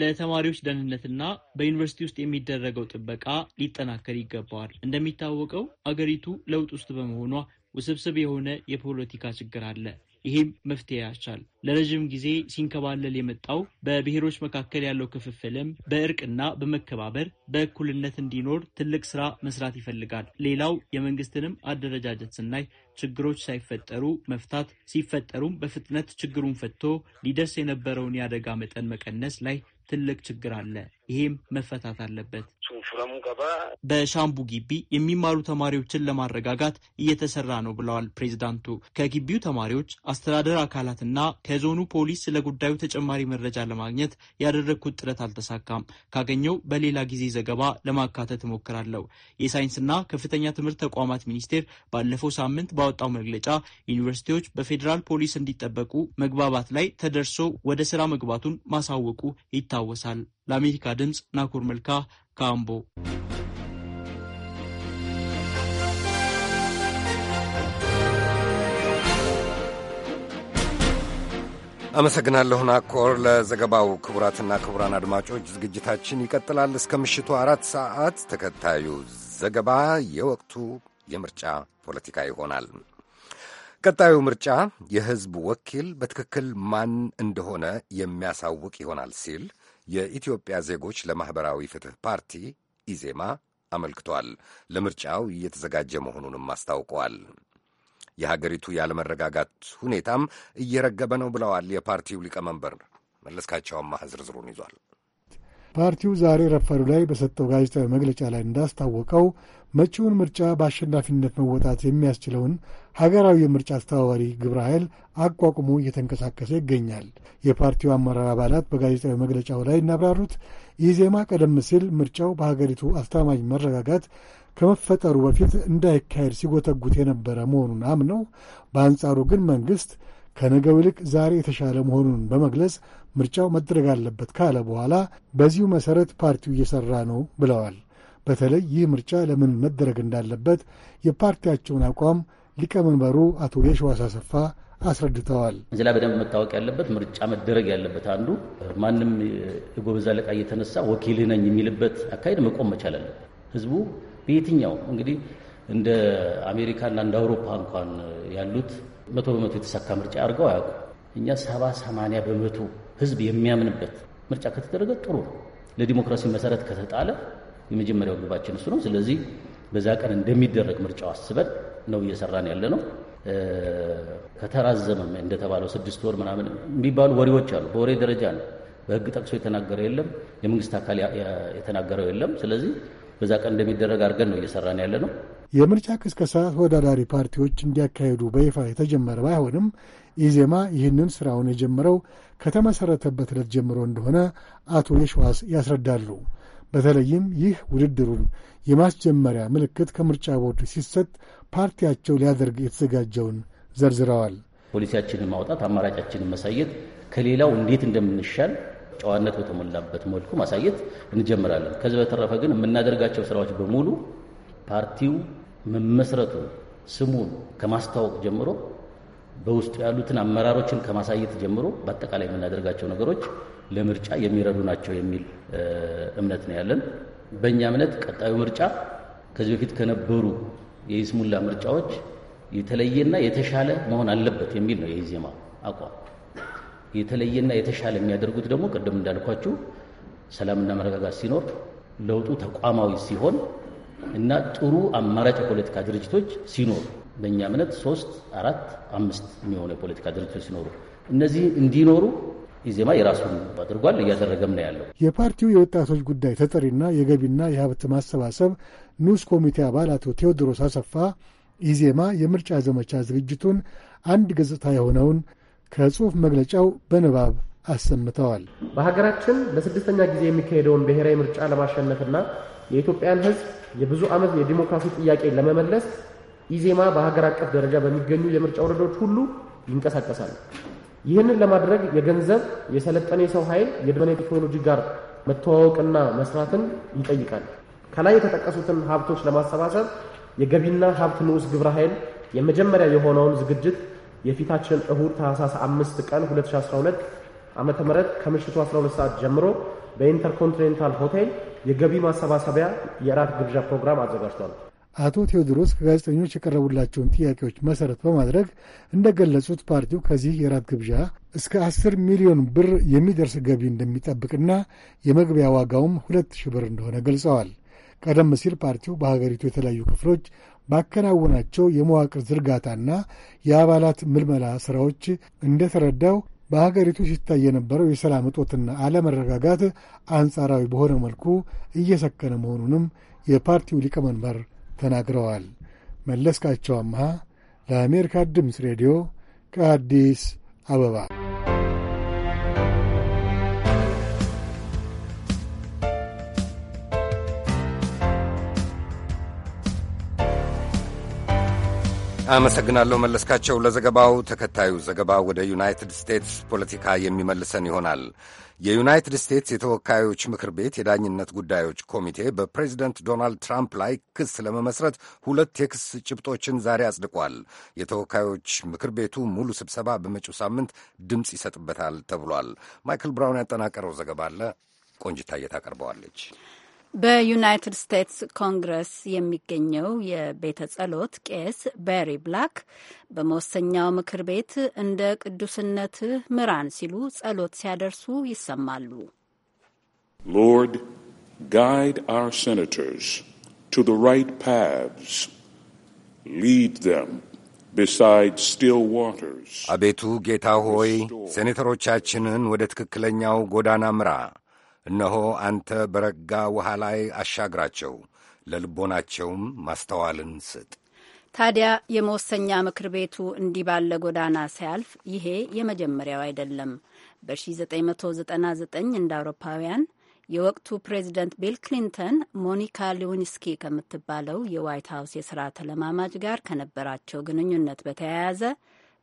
ለተማሪዎች ደህንነትና በዩኒቨርሲቲ ውስጥ የሚደረገው ጥበቃ ሊጠናከር ይገባዋል። እንደሚታወቀው አገሪቱ ለውጥ ውስጥ በመሆኗ ውስብስብ የሆነ የፖለቲካ ችግር አለ። ይሄም መፍትሄ ያቻል። ለረዥም ጊዜ ሲንከባለል የመጣው በብሔሮች መካከል ያለው ክፍፍልም በእርቅና በመከባበር በእኩልነት እንዲኖር ትልቅ ስራ መስራት ይፈልጋል። ሌላው የመንግስትንም አደረጃጀት ስናይ ችግሮች ሳይፈጠሩ መፍታት፣ ሲፈጠሩም በፍጥነት ችግሩን ፈቶ ሊደርስ የነበረውን የአደጋ መጠን መቀነስ ላይ ትልቅ ችግር አለ። ይሄም መፈታት አለበት። በሻምቡ ግቢ የሚማሩ ተማሪዎችን ለማረጋጋት እየተሰራ ነው ብለዋል ፕሬዚዳንቱ። ከግቢው ተማሪዎች፣ አስተዳደር አካላትና ከዞኑ ፖሊስ ስለ ጉዳዩ ተጨማሪ መረጃ ለማግኘት ያደረግኩት ጥረት አልተሳካም። ካገኘው በሌላ ጊዜ ዘገባ ለማካተት እሞክራለሁ። የሳይንስና ከፍተኛ ትምህርት ተቋማት ሚኒስቴር ባለፈው ሳምንት ባወጣው መግለጫ ዩኒቨርሲቲዎች በፌዴራል ፖሊስ እንዲጠበቁ መግባባት ላይ ተደርሶ ወደ ስራ መግባቱን ማሳወቁ ይታወሳል። ለአሜሪካ ድምፅ ናኩር መልካ ካምቦ አመሰግናለሁ ናኮር ለዘገባው። ክቡራትና ክቡራን አድማጮች ዝግጅታችን ይቀጥላል እስከ ምሽቱ አራት ሰዓት። ተከታዩ ዘገባ የወቅቱ የምርጫ ፖለቲካ ይሆናል። ቀጣዩ ምርጫ የሕዝብ ወኪል በትክክል ማን እንደሆነ የሚያሳውቅ ይሆናል ሲል የኢትዮጵያ ዜጎች ለማኅበራዊ ፍትሕ ፓርቲ ኢዜማ አመልክቷል። ለምርጫው እየተዘጋጀ መሆኑንም አስታውቀዋል። የሀገሪቱ ያለመረጋጋት ሁኔታም እየረገበ ነው ብለዋል የፓርቲው ሊቀመንበር። መለስካቸው አማረ ዝርዝሩን ይዟል። ፓርቲው ዛሬ ረፈሩ ላይ በሰጠው ጋዜጣዊ መግለጫ ላይ እንዳስታወቀው መጪውን ምርጫ በአሸናፊነት መወጣት የሚያስችለውን ሀገራዊ የምርጫ አስተባባሪ ግብረ ኃይል አቋቁሞ እየተንቀሳቀሰ ይገኛል። የፓርቲው አመራር አባላት በጋዜጣዊ መግለጫው ላይ እናብራሩት ኢዜማ ቀደም ሲል ምርጫው በሀገሪቱ አስተማማኝ መረጋጋት ከመፈጠሩ በፊት እንዳይካሄድ ሲጎተጉት የነበረ መሆኑን አምነው፣ በአንጻሩ ግን መንግሥት ከነገው ይልቅ ዛሬ የተሻለ መሆኑን በመግለጽ ምርጫው መደረግ አለበት ካለ በኋላ በዚሁ መሠረት ፓርቲው እየሠራ ነው ብለዋል። በተለይ ይህ ምርጫ ለምን መደረግ እንዳለበት የፓርቲያቸውን አቋም ሊቀመንበሩ አቶ የሸዋስ አሰፋ አስረድተዋል። እዚህ ላይ በደንብ መታወቅ ያለበት ምርጫ መደረግ ያለበት አንዱ ማንም የጎበዝ አለቃ እየተነሳ ወኪል ነኝ የሚልበት አካሄድ መቆም መቻል አለበት። ህዝቡ በየትኛው እንግዲህ እንደ አሜሪካና እንደ አውሮፓ እንኳን ያሉት መቶ በመቶ የተሳካ ምርጫ አድርገው አያውቁ። እኛ ሰባ ሰማንያ በመቶ ህዝብ የሚያምንበት ምርጫ ከተደረገ ጥሩ ነው። ለዲሞክራሲ መሰረት ከተጣለ የመጀመሪያው ግባችን እሱ ነው። ስለዚህ በዛ ቀን እንደሚደረግ ምርጫው አስበን ነው እየሰራን ያለ ነው። ከተራዘመም እንደተባለው ስድስት ወር ምናምን የሚባሉ ወሬዎች አሉ። በወሬ ደረጃ ነው። በህግ ጠቅሶ የተናገረ የለም፣ የመንግስት አካል የተናገረው የለም። ስለዚህ በዛ ቀን እንደሚደረግ አድርገን ነው እየሰራን ያለ ነው። የምርጫ ቅስቀሳ ተወዳዳሪ ፓርቲዎች እንዲያካሄዱ በይፋ የተጀመረ ባይሆንም ኢዜማ ይህንን ስራውን የጀመረው ከተመሰረተበት ዕለት ጀምሮ እንደሆነ አቶ የሸዋስ ያስረዳሉ። በተለይም ይህ ውድድሩን የማስጀመሪያ ምልክት ከምርጫ ቦርድ ሲሰጥ ፓርቲያቸው ሊያደርግ የተዘጋጀውን ዘርዝረዋል። ፖሊሲያችንን ማውጣት፣ አማራጫችንን ማሳየት፣ ከሌላው እንዴት እንደምንሻል ጨዋነት በተሞላበት መልኩ ማሳየት እንጀምራለን። ከዚህ በተረፈ ግን የምናደርጋቸው ስራዎች በሙሉ ፓርቲው መመስረቱ ስሙን ከማስተዋወቅ ጀምሮ በውስጡ ያሉትን አመራሮችን ከማሳየት ጀምሮ በአጠቃላይ የምናደርጋቸው ነገሮች ለምርጫ የሚረዱ ናቸው የሚል እምነት ነው ያለን። በእኛ እምነት ቀጣዩ ምርጫ ከዚህ በፊት ከነበሩ የይስሙላ ምርጫዎች የተለየና የተሻለ መሆን አለበት የሚል ነው የኢዜማ አቋም። የተለየና የተሻለ የሚያደርጉት ደግሞ ቅድም እንዳልኳችሁ ሰላምና መረጋጋት ሲኖር፣ ለውጡ ተቋማዊ ሲሆን እና ጥሩ አማራጭ የፖለቲካ ድርጅቶች ሲኖሩ በእኛ እምነት ሶስት፣ አራት፣ አምስት የሚሆኑ የፖለቲካ ድርጅቶች ሲኖሩ እነዚህ እንዲኖሩ ኢዜማ የራሱን አድርጓል፣ እያደረገም ነው ያለው። የፓርቲው የወጣቶች ጉዳይ ተጠሪና የገቢና የሀብት ማሰባሰብ ንዑስ ኮሚቴ አባል አቶ ቴዎድሮስ አሰፋ ኢዜማ የምርጫ ዘመቻ ዝግጅቱን አንድ ገጽታ የሆነውን ከጽሑፍ መግለጫው በንባብ አሰምተዋል። በሀገራችን ለስድስተኛ ጊዜ የሚካሄደውን ብሔራዊ ምርጫ ለማሸነፍና የኢትዮጵያን ሕዝብ የብዙ ዓመት የዲሞክራሲ ጥያቄ ለመመለስ ኢዜማ በሀገር አቀፍ ደረጃ በሚገኙ የምርጫ ወረዳዎች ሁሉ ይንቀሳቀሳል። ይህንን ለማድረግ የገንዘብ፣ የሰለጠነ የሰው ኃይል፣ የድመና ቴክኖሎጂ ጋር መተዋወቅና መስራትን ይጠይቃል። ከላይ የተጠቀሱትን ሀብቶች ለማሰባሰብ የገቢና ሀብት ንዑስ ግብረ ኃይል የመጀመሪያ የሆነውን ዝግጅት የፊታችን እሁድ ታህሳስ 5 ቀን 2012 ዓ ም ከምሽቱ 12 ሰዓት ጀምሮ በኢንተርኮንቲኔንታል ሆቴል የገቢ ማሰባሰቢያ የእራት ግብዣ ፕሮግራም አዘጋጅቷል። አቶ ቴዎድሮስ ከጋዜጠኞች የቀረቡላቸውን ጥያቄዎች መሠረት በማድረግ እንደገለጹት ፓርቲው ከዚህ የራት ግብዣ እስከ አስር ሚሊዮን ብር የሚደርስ ገቢ እንደሚጠብቅና የመግቢያ ዋጋውም ሁለት ሺህ ብር እንደሆነ ገልጸዋል። ቀደም ሲል ፓርቲው በሀገሪቱ የተለያዩ ክፍሎች ባከናወናቸው የመዋቅር ዝርጋታና የአባላት ምልመላ ሥራዎች እንደተረዳው በሀገሪቱ ሲታይ የነበረው የሰላም እጦትና አለመረጋጋት አንጻራዊ በሆነ መልኩ እየሰከነ መሆኑንም የፓርቲው ሊቀመንበር ተናግረዋል። መለስካቸው አምሃ ለአሜሪካ ድምፅ ሬዲዮ ከአዲስ አበባ አመሰግናለሁ መለስካቸው ለዘገባው። ተከታዩ ዘገባ ወደ ዩናይትድ ስቴትስ ፖለቲካ የሚመልሰን ይሆናል። የዩናይትድ ስቴትስ የተወካዮች ምክር ቤት የዳኝነት ጉዳዮች ኮሚቴ በፕሬዚደንት ዶናልድ ትራምፕ ላይ ክስ ለመመስረት ሁለት የክስ ጭብጦችን ዛሬ አጽድቋል። የተወካዮች ምክር ቤቱ ሙሉ ስብሰባ በመጪው ሳምንት ድምፅ ይሰጥበታል ተብሏል። ማይክል ብራውን ያጠናቀረው ዘገባ አለ። ቆንጅታ ታቀርበዋለች። በዩናይትድ ስቴትስ ኮንግረስ የሚገኘው የቤተ ጸሎት ቄስ ቤሪ ብላክ በመወሰኛው ምክር ቤት እንደ ቅዱስነት ምራን ሲሉ ጸሎት ሲያደርሱ ይሰማሉ። ሎርድ ጋይድ አር ሴኔተርስ ቱ ዘ ራይት ፓትስ ሊድ ዘም አቤቱ ጌታ ሆይ ሴኔተሮቻችንን ወደ ትክክለኛው ጎዳና ምራ እነሆ አንተ በረጋ ውሃ ላይ አሻግራቸው፣ ለልቦናቸውም ማስተዋልን ስጥ። ታዲያ የመወሰኛ ምክር ቤቱ እንዲህ ባለ ጎዳና ሲያልፍ ይሄ የመጀመሪያው አይደለም። በ1999 እንደ አውሮፓውያን የወቅቱ ፕሬዚደንት ቢል ክሊንተን ሞኒካ ሌዊንስኪ ከምትባለው የዋይት ሀውስ የስራ ተለማማጅ ጋር ከነበራቸው ግንኙነት በተያያዘ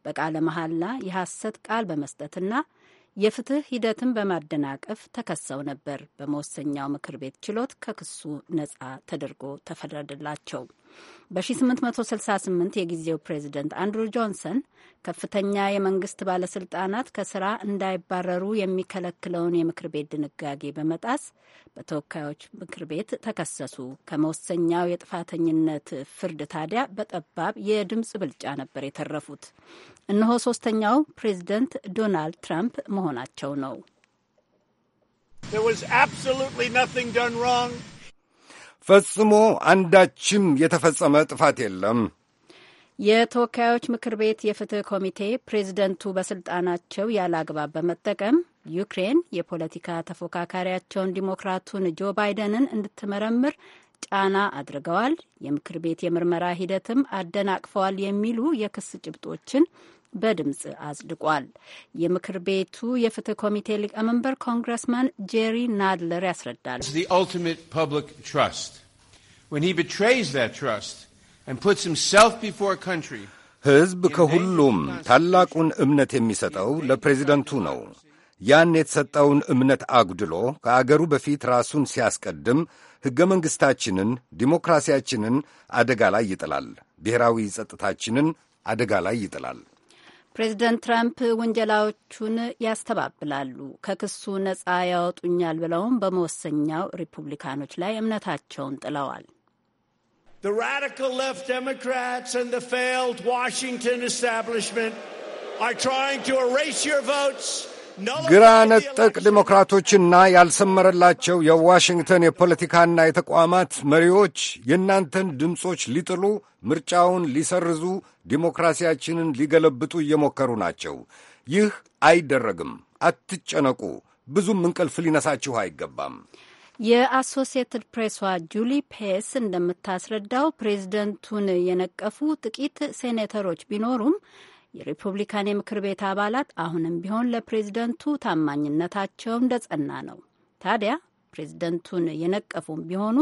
በቃለ መሐላ የሐሰት ቃል በመስጠትና የፍትህ ሂደትን በማደናቀፍ ተከሰው ነበር። በመወሰኛው ምክር ቤት ችሎት ከክሱ ነጻ ተደርጎ ተፈረደላቸው። በ1868 የጊዜው ፕሬዚደንት አንድሩ ጆንሰን ከፍተኛ የመንግስት ባለስልጣናት ከስራ እንዳይባረሩ የሚከለክለውን የምክር ቤት ድንጋጌ በመጣስ በተወካዮች ምክር ቤት ተከሰሱ። ከመወሰኛው የጥፋተኝነት ፍርድ ታዲያ በጠባብ የድምፅ ብልጫ ነበር የተረፉት። እነሆ ሶስተኛው ፕሬዚደንት ዶናልድ ትራምፕ መሆናቸው ነው። ፈጽሞ አንዳችም የተፈጸመ ጥፋት የለም። የተወካዮች ምክር ቤት የፍትህ ኮሚቴ ፕሬዝደንቱ በስልጣናቸው ያለ አግባብ በመጠቀም ዩክሬን የፖለቲካ ተፎካካሪያቸውን ዲሞክራቱን ጆ ባይደንን እንድትመረምር ጫና አድርገዋል፣ የምክር ቤት የምርመራ ሂደትም አደናቅፈዋል የሚሉ የክስ ጭብጦችን በድምፅ አጽድቋል። የምክር ቤቱ የፍትህ ኮሚቴ ሊቀመንበር ኮንግረስማን ጄሪ ናድለር ያስረዳል። ህዝብ ከሁሉም ታላቁን እምነት የሚሰጠው ለፕሬዚደንቱ ነው። ያን የተሰጠውን እምነት አጉድሎ ከአገሩ በፊት ራሱን ሲያስቀድም ሕገ መንግሥታችንን፣ ዲሞክራሲያችንን አደጋ ላይ ይጥላል። ብሔራዊ ጸጥታችንን አደጋ ላይ ይጥላል። ፕሬዚደንት ትራምፕ ውንጀላዎቹን ያስተባብላሉ። ከክሱ ነጻ ያወጡኛል ብለውም በመወሰኛው ሪፑብሊካኖች ላይ እምነታቸውን ጥለዋል። The radical left Democrats and the failed Washington establishment are trying to erase your votes ግራ ነጠቅ ዴሞክራቶችና ያልሰመረላቸው የዋሽንግተን የፖለቲካና የተቋማት መሪዎች የእናንተን ድምፆች ሊጥሉ፣ ምርጫውን ሊሰርዙ፣ ዲሞክራሲያችንን ሊገለብጡ እየሞከሩ ናቸው። ይህ አይደረግም። አትጨነቁ። ብዙም እንቅልፍ ሊነሳችሁ አይገባም። የአሶሲየትድ ፕሬሷ ጁሊ ፔስ እንደምታስረዳው ፕሬዝደንቱን የነቀፉ ጥቂት ሴኔተሮች ቢኖሩም የሪፑብሊካን የምክር ቤት አባላት አሁንም ቢሆን ለፕሬዝደንቱ ታማኝነታቸው እንደጸና ነው። ታዲያ ፕሬዝደንቱን የነቀፉም ቢሆኑ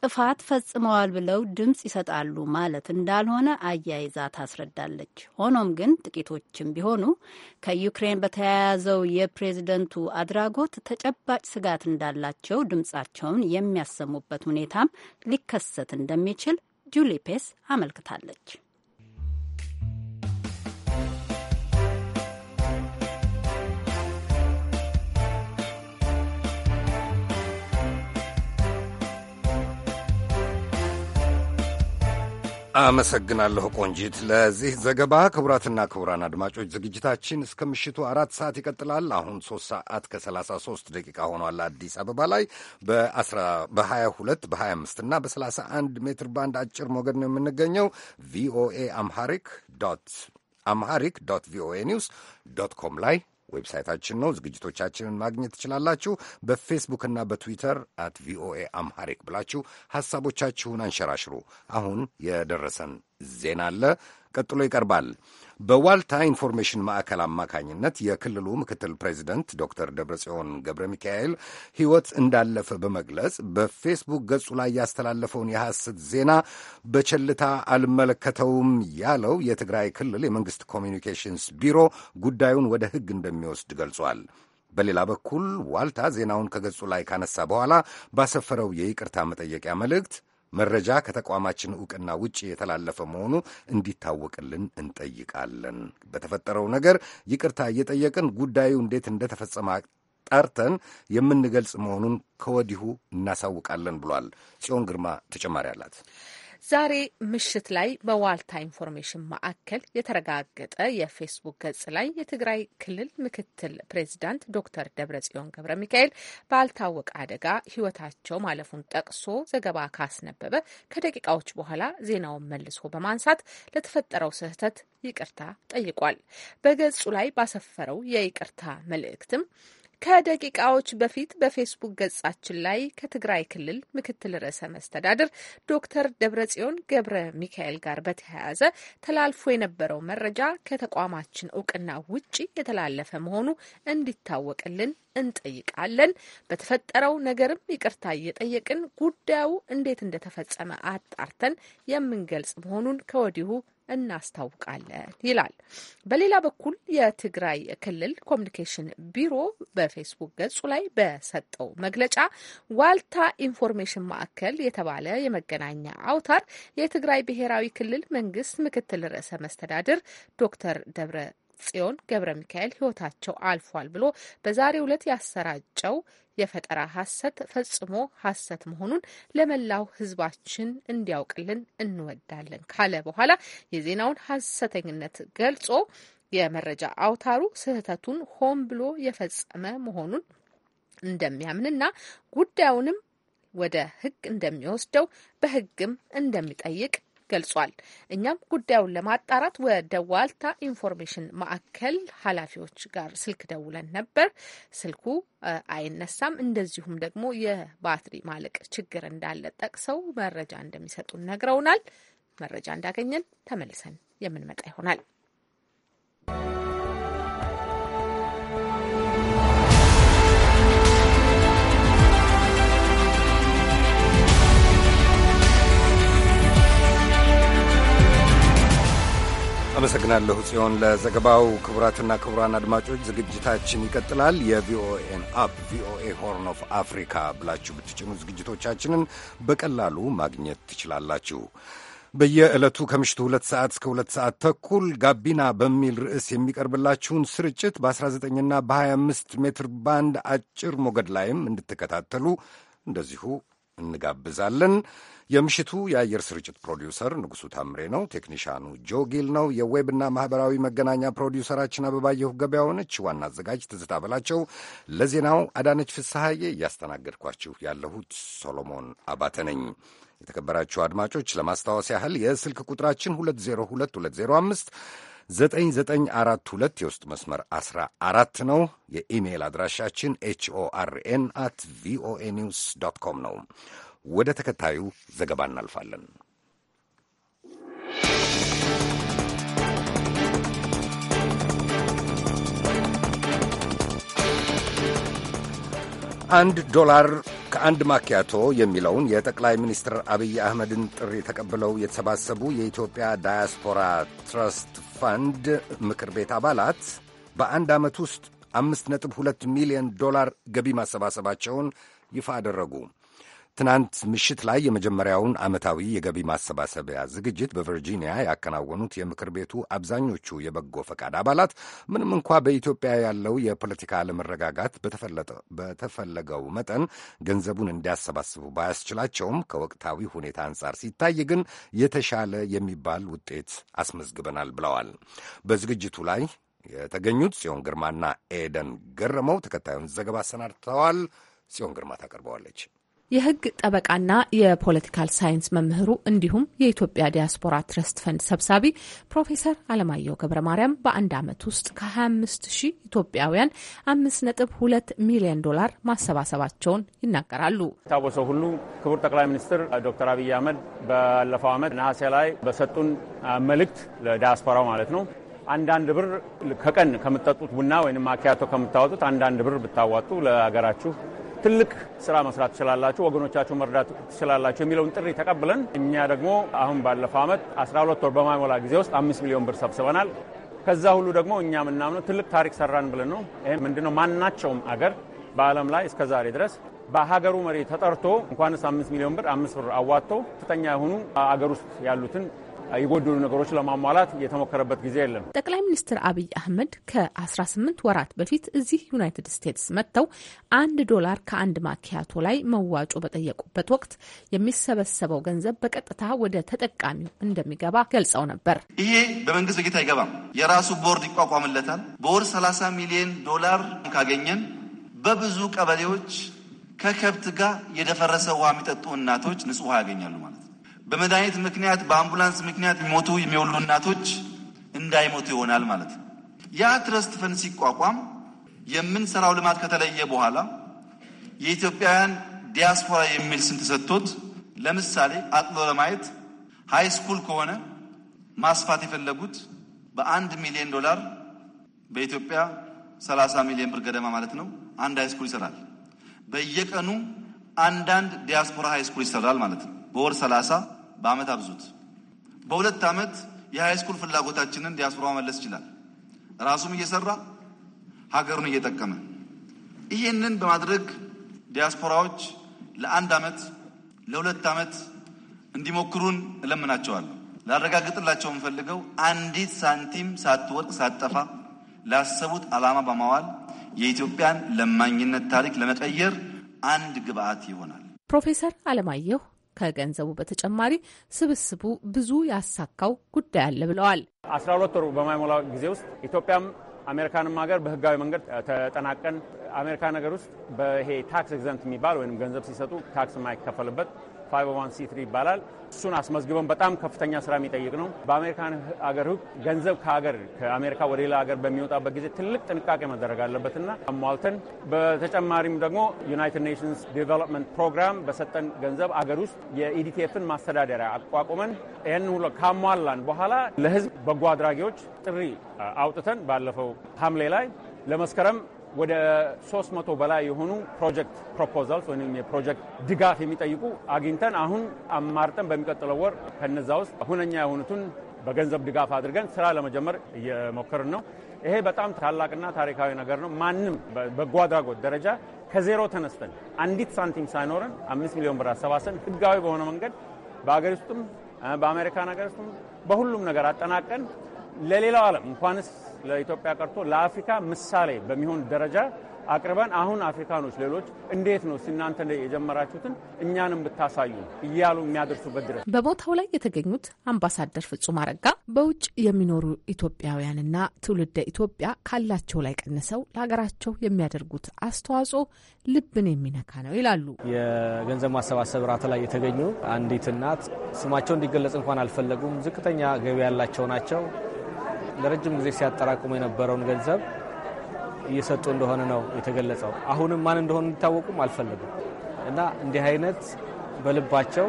ጥፋት ፈጽመዋል ብለው ድምፅ ይሰጣሉ ማለት እንዳልሆነ አያይዛ ታስረዳለች። ሆኖም ግን ጥቂቶችም ቢሆኑ ከዩክሬን በተያያዘው የፕሬዝደንቱ አድራጎት ተጨባጭ ስጋት እንዳላቸው ድምፃቸውን የሚያሰሙበት ሁኔታም ሊከሰት እንደሚችል ጁሊፔስ አመልክታለች። አመሰግናለሁ ቆንጂት ለዚህ ዘገባ። ክቡራትና ክቡራን አድማጮች ዝግጅታችን እስከ ምሽቱ አራት ሰዓት ይቀጥላል። አሁን ሶስት ሰዓት ከሰላሳ ሶስት ደቂቃ ሆኗል። አዲስ አበባ ላይ በ22 በ25 እና በ31 ሜትር ባንድ አጭር ሞገድ ነው የምንገኘው። ቪኦኤ አምሃሪክ ዶት አምሃሪክ ዶት ቪኦኤ ኒውስ ዶት ኮም ላይ ዌብሳይታችን ነው። ዝግጅቶቻችንን ማግኘት ትችላላችሁ። በፌስቡክና በትዊተር አት ቪኦኤ አምሃሪክ ብላችሁ ሐሳቦቻችሁን አንሸራሽሩ። አሁን የደረሰን ዜና አለ። ቀጥሎ ይቀርባል። በዋልታ ኢንፎርሜሽን ማዕከል አማካኝነት የክልሉ ምክትል ፕሬዚደንት ዶክተር ደብረጽዮን ገብረ ሚካኤል ሕይወት እንዳለፈ በመግለጽ በፌስቡክ ገጹ ላይ ያስተላለፈውን የሐሰት ዜና በቸልታ አልመለከተውም ያለው የትግራይ ክልል የመንግሥት ኮሚኒኬሽንስ ቢሮ ጉዳዩን ወደ ሕግ እንደሚወስድ ገልጿል። በሌላ በኩል ዋልታ ዜናውን ከገጹ ላይ ካነሳ በኋላ ባሰፈረው የይቅርታ መጠየቂያ መልእክት መረጃ ከተቋማችን እውቅና ውጭ የተላለፈ መሆኑ እንዲታወቅልን እንጠይቃለን። በተፈጠረው ነገር ይቅርታ እየጠየቅን ጉዳዩ እንዴት እንደተፈጸመ ጠርተን የምንገልጽ መሆኑን ከወዲሁ እናሳውቃለን ብሏል። ጽዮን ግርማ ተጨማሪ አላት። ዛሬ ምሽት ላይ በዋልታ ኢንፎርሜሽን ማዕከል የተረጋገጠ የፌስቡክ ገጽ ላይ የትግራይ ክልል ምክትል ፕሬዚዳንት ዶክተር ደብረጽዮን ገብረ ሚካኤል ባልታወቀ አደጋ ሕይወታቸው ማለፉን ጠቅሶ ዘገባ ካስነበበ ከደቂቃዎች በኋላ ዜናውን መልሶ በማንሳት ለተፈጠረው ስህተት ይቅርታ ጠይቋል። በገጹ ላይ ባሰፈረው የይቅርታ መልእክትም ከደቂቃዎች በፊት በፌስቡክ ገጻችን ላይ ከትግራይ ክልል ምክትል ርዕሰ መስተዳድር ዶክተር ደብረጽዮን ገብረ ሚካኤል ጋር በተያያዘ ተላልፎ የነበረው መረጃ ከተቋማችን እውቅና ውጪ የተላለፈ መሆኑ እንዲታወቅልን እንጠይቃለን። በተፈጠረው ነገርም ይቅርታ እየጠየቅን ጉዳዩ እንዴት እንደተፈጸመ አጣርተን የምንገልጽ መሆኑን ከወዲሁ እናስታውቃለን ይላል። በሌላ በኩል የትግራይ ክልል ኮሚኒኬሽን ቢሮ በፌስቡክ ገጹ ላይ በሰጠው መግለጫ ዋልታ ኢንፎርሜሽን ማዕከል የተባለ የመገናኛ አውታር የትግራይ ብሔራዊ ክልል መንግስት ምክትል ርዕሰ መስተዳድር ዶክተር ደብረ ጽዮን ገብረ ሚካኤል ህይወታቸው አልፏል ብሎ በዛሬው ዕለት ያሰራጨው የፈጠራ ሐሰት ፈጽሞ ሐሰት መሆኑን ለመላው ህዝባችን እንዲያውቅልን እንወዳለን ካለ በኋላ የዜናውን ሐሰተኝነት ገልጾ የመረጃ አውታሩ ስህተቱን ሆን ብሎ የፈጸመ መሆኑን እንደሚያምንና ጉዳዩንም ወደ ህግ እንደሚወስደው በህግም እንደሚጠይቅ ገልጿል። እኛም ጉዳዩን ለማጣራት ወደ ዋልታ ኢንፎርሜሽን ማዕከል ኃላፊዎች ጋር ስልክ ደውለን ነበር። ስልኩ አይነሳም። እንደዚሁም ደግሞ የባትሪ ማለቅ ችግር እንዳለ ጠቅሰው መረጃ እንደሚሰጡን ነግረውናል። መረጃ እንዳገኘን ተመልሰን የምንመጣ ይሆናል። አመሰግናለሁ ጽዮን ለዘገባው። ክቡራትና ክቡራን አድማጮች ዝግጅታችን ይቀጥላል። የቪኦኤን አፕ ቪኦኤ ሆርን ኦፍ አፍሪካ ብላችሁ ብትጭኑ ዝግጅቶቻችንን በቀላሉ ማግኘት ትችላላችሁ። በየዕለቱ ከምሽቱ ሁለት ሰዓት እስከ ሁለት ሰዓት ተኩል ጋቢና በሚል ርዕስ የሚቀርብላችሁን ስርጭት በ19ና በ25 ሜትር ባንድ አጭር ሞገድ ላይም እንድትከታተሉ እንደዚሁ እንጋብዛለን። የምሽቱ የአየር ስርጭት ፕሮዲውሰር ንጉሡ ታምሬ ነው። ቴክኒሻኑ ጆ ጊል ነው። የዌብና ማኅበራዊ መገናኛ ፕሮዲውሰራችን አበባየሁ ገበያ ሆነች። ዋና አዘጋጅ ትዝታ በላቸው፣ ለዜናው አዳነች ፍስሐዬ፣ እያስተናገድኳችሁ ያለሁት ሶሎሞን አባተ ነኝ። የተከበራችሁ አድማጮች ለማስታወስ ያህል የስልክ ቁጥራችን 2022059942 የውስጥ መስመር 14 ነው። የኢሜይል አድራሻችን ኤችኦአርኤን አት ቪኦኤ ኒውስ ዶት ኮም ነው። ወደ ተከታዩ ዘገባ እናልፋለን። አንድ ዶላር ከአንድ ማኪያቶ የሚለውን የጠቅላይ ሚኒስትር አብይ አህመድን ጥሪ ተቀብለው የተሰባሰቡ የኢትዮጵያ ዳያስፖራ ትረስት ፋንድ ምክር ቤት አባላት በአንድ ዓመት ውስጥ አምስት ነጥብ ሁለት ሚሊዮን ዶላር ገቢ ማሰባሰባቸውን ይፋ አደረጉ። ትናንት ምሽት ላይ የመጀመሪያውን ዓመታዊ የገቢ ማሰባሰቢያ ዝግጅት በቨርጂኒያ ያከናወኑት የምክር ቤቱ አብዛኞቹ የበጎ ፈቃድ አባላት ምንም እንኳ በኢትዮጵያ ያለው የፖለቲካ አለመረጋጋት በተፈለገው መጠን ገንዘቡን እንዲያሰባስቡ ባያስችላቸውም ከወቅታዊ ሁኔታ አንጻር ሲታይ ግን የተሻለ የሚባል ውጤት አስመዝግበናል ብለዋል። በዝግጅቱ ላይ የተገኙት ጽዮን ግርማና ኤደን ገረመው ተከታዩን ዘገባ አሰናድተዋል። ጽዮን ግርማ ታቀርበዋለች። የህግ ጠበቃና የፖለቲካል ሳይንስ መምህሩ እንዲሁም የኢትዮጵያ ዲያስፖራ ትረስት ፈንድ ሰብሳቢ ፕሮፌሰር አለማየሁ ገብረ ማርያም በአንድ ዓመት ውስጥ ከ25 ሺህ ኢትዮጵያውያን 5.2 ሚሊዮን ዶላር ማሰባሰባቸውን ይናገራሉ። የታወሰው ሁሉ ክቡር ጠቅላይ ሚኒስትር ዶክተር አብይ አህመድ ባለፈው ዓመት ነሐሴ ላይ በሰጡን መልእክት ለዲያስፖራው ማለት ነው አንዳንድ ብር ከቀን ከምጠጡት ቡና ወይም ማኪያቶ ከምታወጡት አንዳንድ ብር ብታዋጡ ለሀገራችሁ ትልቅ ስራ መስራት ትችላላችሁ፣ ወገኖቻችሁን መርዳት ትችላላችሁ የሚለውን ጥሪ ተቀብለን እኛ ደግሞ አሁን ባለፈው ዓመት 12 ወር በማይሞላ ጊዜ ውስጥ አምስት ሚሊዮን ብር ሰብስበናል። ከዛ ሁሉ ደግሞ እኛ የምናምነው ትልቅ ታሪክ ሰራን ብለን ነው። ይህ ምንድነው ማናቸውም አገር በዓለም ላይ እስከዛሬ ድረስ በሀገሩ መሪ ተጠርቶ እንኳንስ አምስት ሚሊዮን ብር አምስት ብር አዋጥቶ ከፍተኛ የሆኑ አገር ውስጥ ያሉትን የጎደሉ ነገሮች ለማሟላት የተሞከረበት ጊዜ የለም። ጠቅላይ ሚኒስትር አብይ አህመድ ከ18 ወራት በፊት እዚህ ዩናይትድ ስቴትስ መጥተው አንድ ዶላር ከአንድ ማኪያቶ ላይ መዋጮ በጠየቁበት ወቅት የሚሰበሰበው ገንዘብ በቀጥታ ወደ ተጠቃሚው እንደሚገባ ገልጸው ነበር። ይሄ በመንግስት በጀት አይገባም። የራሱ ቦርድ ይቋቋምለታል። በወር 30 ሚሊዮን ዶላር ካገኘን በብዙ ቀበሌዎች ከከብት ጋር የደፈረሰ ውሃ የሚጠጡ እናቶች ንጹህ ውሃ ያገኛሉ ማለት ነው። በመድኃኒት ምክንያት በአምቡላንስ ምክንያት የሚሞቱ የሚወሉ እናቶች እንዳይሞቱ ይሆናል ማለት ነው። ያ ትረስት ፈን ሲቋቋም የምንሰራው ልማት ከተለየ በኋላ የኢትዮጵያውያን ዲያስፖራ የሚል ስም ተሰጥቶት ለምሳሌ አጥሎ ለማየት ሃይ ስኩል ከሆነ ማስፋት የፈለጉት በአንድ ሚሊዮን ዶላር በኢትዮጵያ 30 ሚሊዮን ብር ገደማ ማለት ነው። አንድ ሃይ ስኩል ይሰራል። በየቀኑ አንዳንድ ዲያስፖራ ሃይ ስኩል ይሰራል ማለት ነው በወር 30 በአመት አብዙት። በሁለት አመት የሃይስኩል ፍላጎታችንን ዲያስፖራ መለስ ይችላል። ራሱም እየሰራ ሀገሩን እየጠቀመ ይህንን በማድረግ ዲያስፖራዎች ለአንድ አመት ለሁለት አመት እንዲሞክሩን እለምናቸዋለሁ። ላረጋግጥላቸው የምፈልገው አንዲት ሳንቲም ሳትወድቅ ሳትጠፋ ላሰቡት ዓላማ በማዋል የኢትዮጵያን ለማኝነት ታሪክ ለመቀየር አንድ ግብአት ይሆናል። ፕሮፌሰር አለማየሁ ከገንዘቡ በተጨማሪ ስብስቡ ብዙ ያሳካው ጉዳይ አለ ብለዋል። አስራ ሁለት ወር በማይሞላ ጊዜ ውስጥ ኢትዮጵያም አሜሪካንም ሀገር በህጋዊ መንገድ ተጠናቀን አሜሪካ ነገር ውስጥ በይሄ ታክስ ኤግዘምት የሚባል ወይም ገንዘብ ሲሰጡ ታክስ የማይከፈልበት 501c3 ይባላል። እሱን አስመዝግበን በጣም ከፍተኛ ስራ የሚጠይቅ ነው። በአሜሪካን አገር ህግ ገንዘብ ከሀገር ከአሜሪካ ወደ ሌላ ሀገር በሚወጣበት ጊዜ ትልቅ ጥንቃቄ መደረግ አለበትና አሟልተን በተጨማሪም ደግሞ ዩናይትድ ኔሽንስ ዲቨሎፕመንት ፕሮግራም በሰጠን ገንዘብ አገር ውስጥ የኢዲቲኤፍን ማስተዳደሪያ አቋቁመን ይህን ሁሉ ካሟላን በኋላ ለህዝብ በጎ አድራጊዎች ጥሪ አውጥተን ባለፈው ሐምሌ ላይ ለመስከረም ወደ 300 በላይ የሆኑ ፕሮጀክት ፕሮፖዛልስ ወይም የፕሮጀክት ድጋፍ የሚጠይቁ አግኝተን አሁን አማርጠን በሚቀጥለው ወር ከነዛ ውስጥ ሁነኛ የሆኑትን በገንዘብ ድጋፍ አድርገን ስራ ለመጀመር እየሞከርን ነው። ይሄ በጣም ታላቅና ታሪካዊ ነገር ነው። ማንም በጎ አድራጎት ደረጃ ከዜሮ ተነስተን አንዲት ሳንቲም ሳይኖረን አምስት ሚሊዮን ብር አሰባሰን ህጋዊ በሆነ መንገድ በአገር ውስጥም በአሜሪካን ሀገር ውስጥም በሁሉም ነገር አጠናቀን ለሌላው ዓለም እንኳንስ ለኢትዮጵያ ቀርቶ ለአፍሪካ ምሳሌ በሚሆን ደረጃ አቅርበን አሁን አፍሪካኖች ሌሎች እንዴት ነው እናንተ የጀመራችሁትን እኛንም ብታሳዩ እያሉ የሚያደርሱበት ድረስ በቦታው ላይ የተገኙት አምባሳደር ፍጹም አረጋ በውጭ የሚኖሩ ኢትዮጵያውያንና ትውልደ ኢትዮጵያ ካላቸው ላይ ቀንሰው ለሀገራቸው የሚያደርጉት አስተዋጽኦ ልብን የሚነካ ነው ይላሉ። የገንዘብ ማሰባሰብ ራት ላይ የተገኙ አንዲት እናት ስማቸው እንዲገለጽ እንኳን አልፈለጉም። ዝቅተኛ ገቢ ያላቸው ናቸው። ለረጅም ጊዜ ሲያጠራቅሙ የነበረውን ገንዘብ እየሰጡ እንደሆነ ነው የተገለጸው። አሁንም ማን እንደሆኑ እንዲታወቁም አልፈለጉም እና እንዲህ አይነት በልባቸው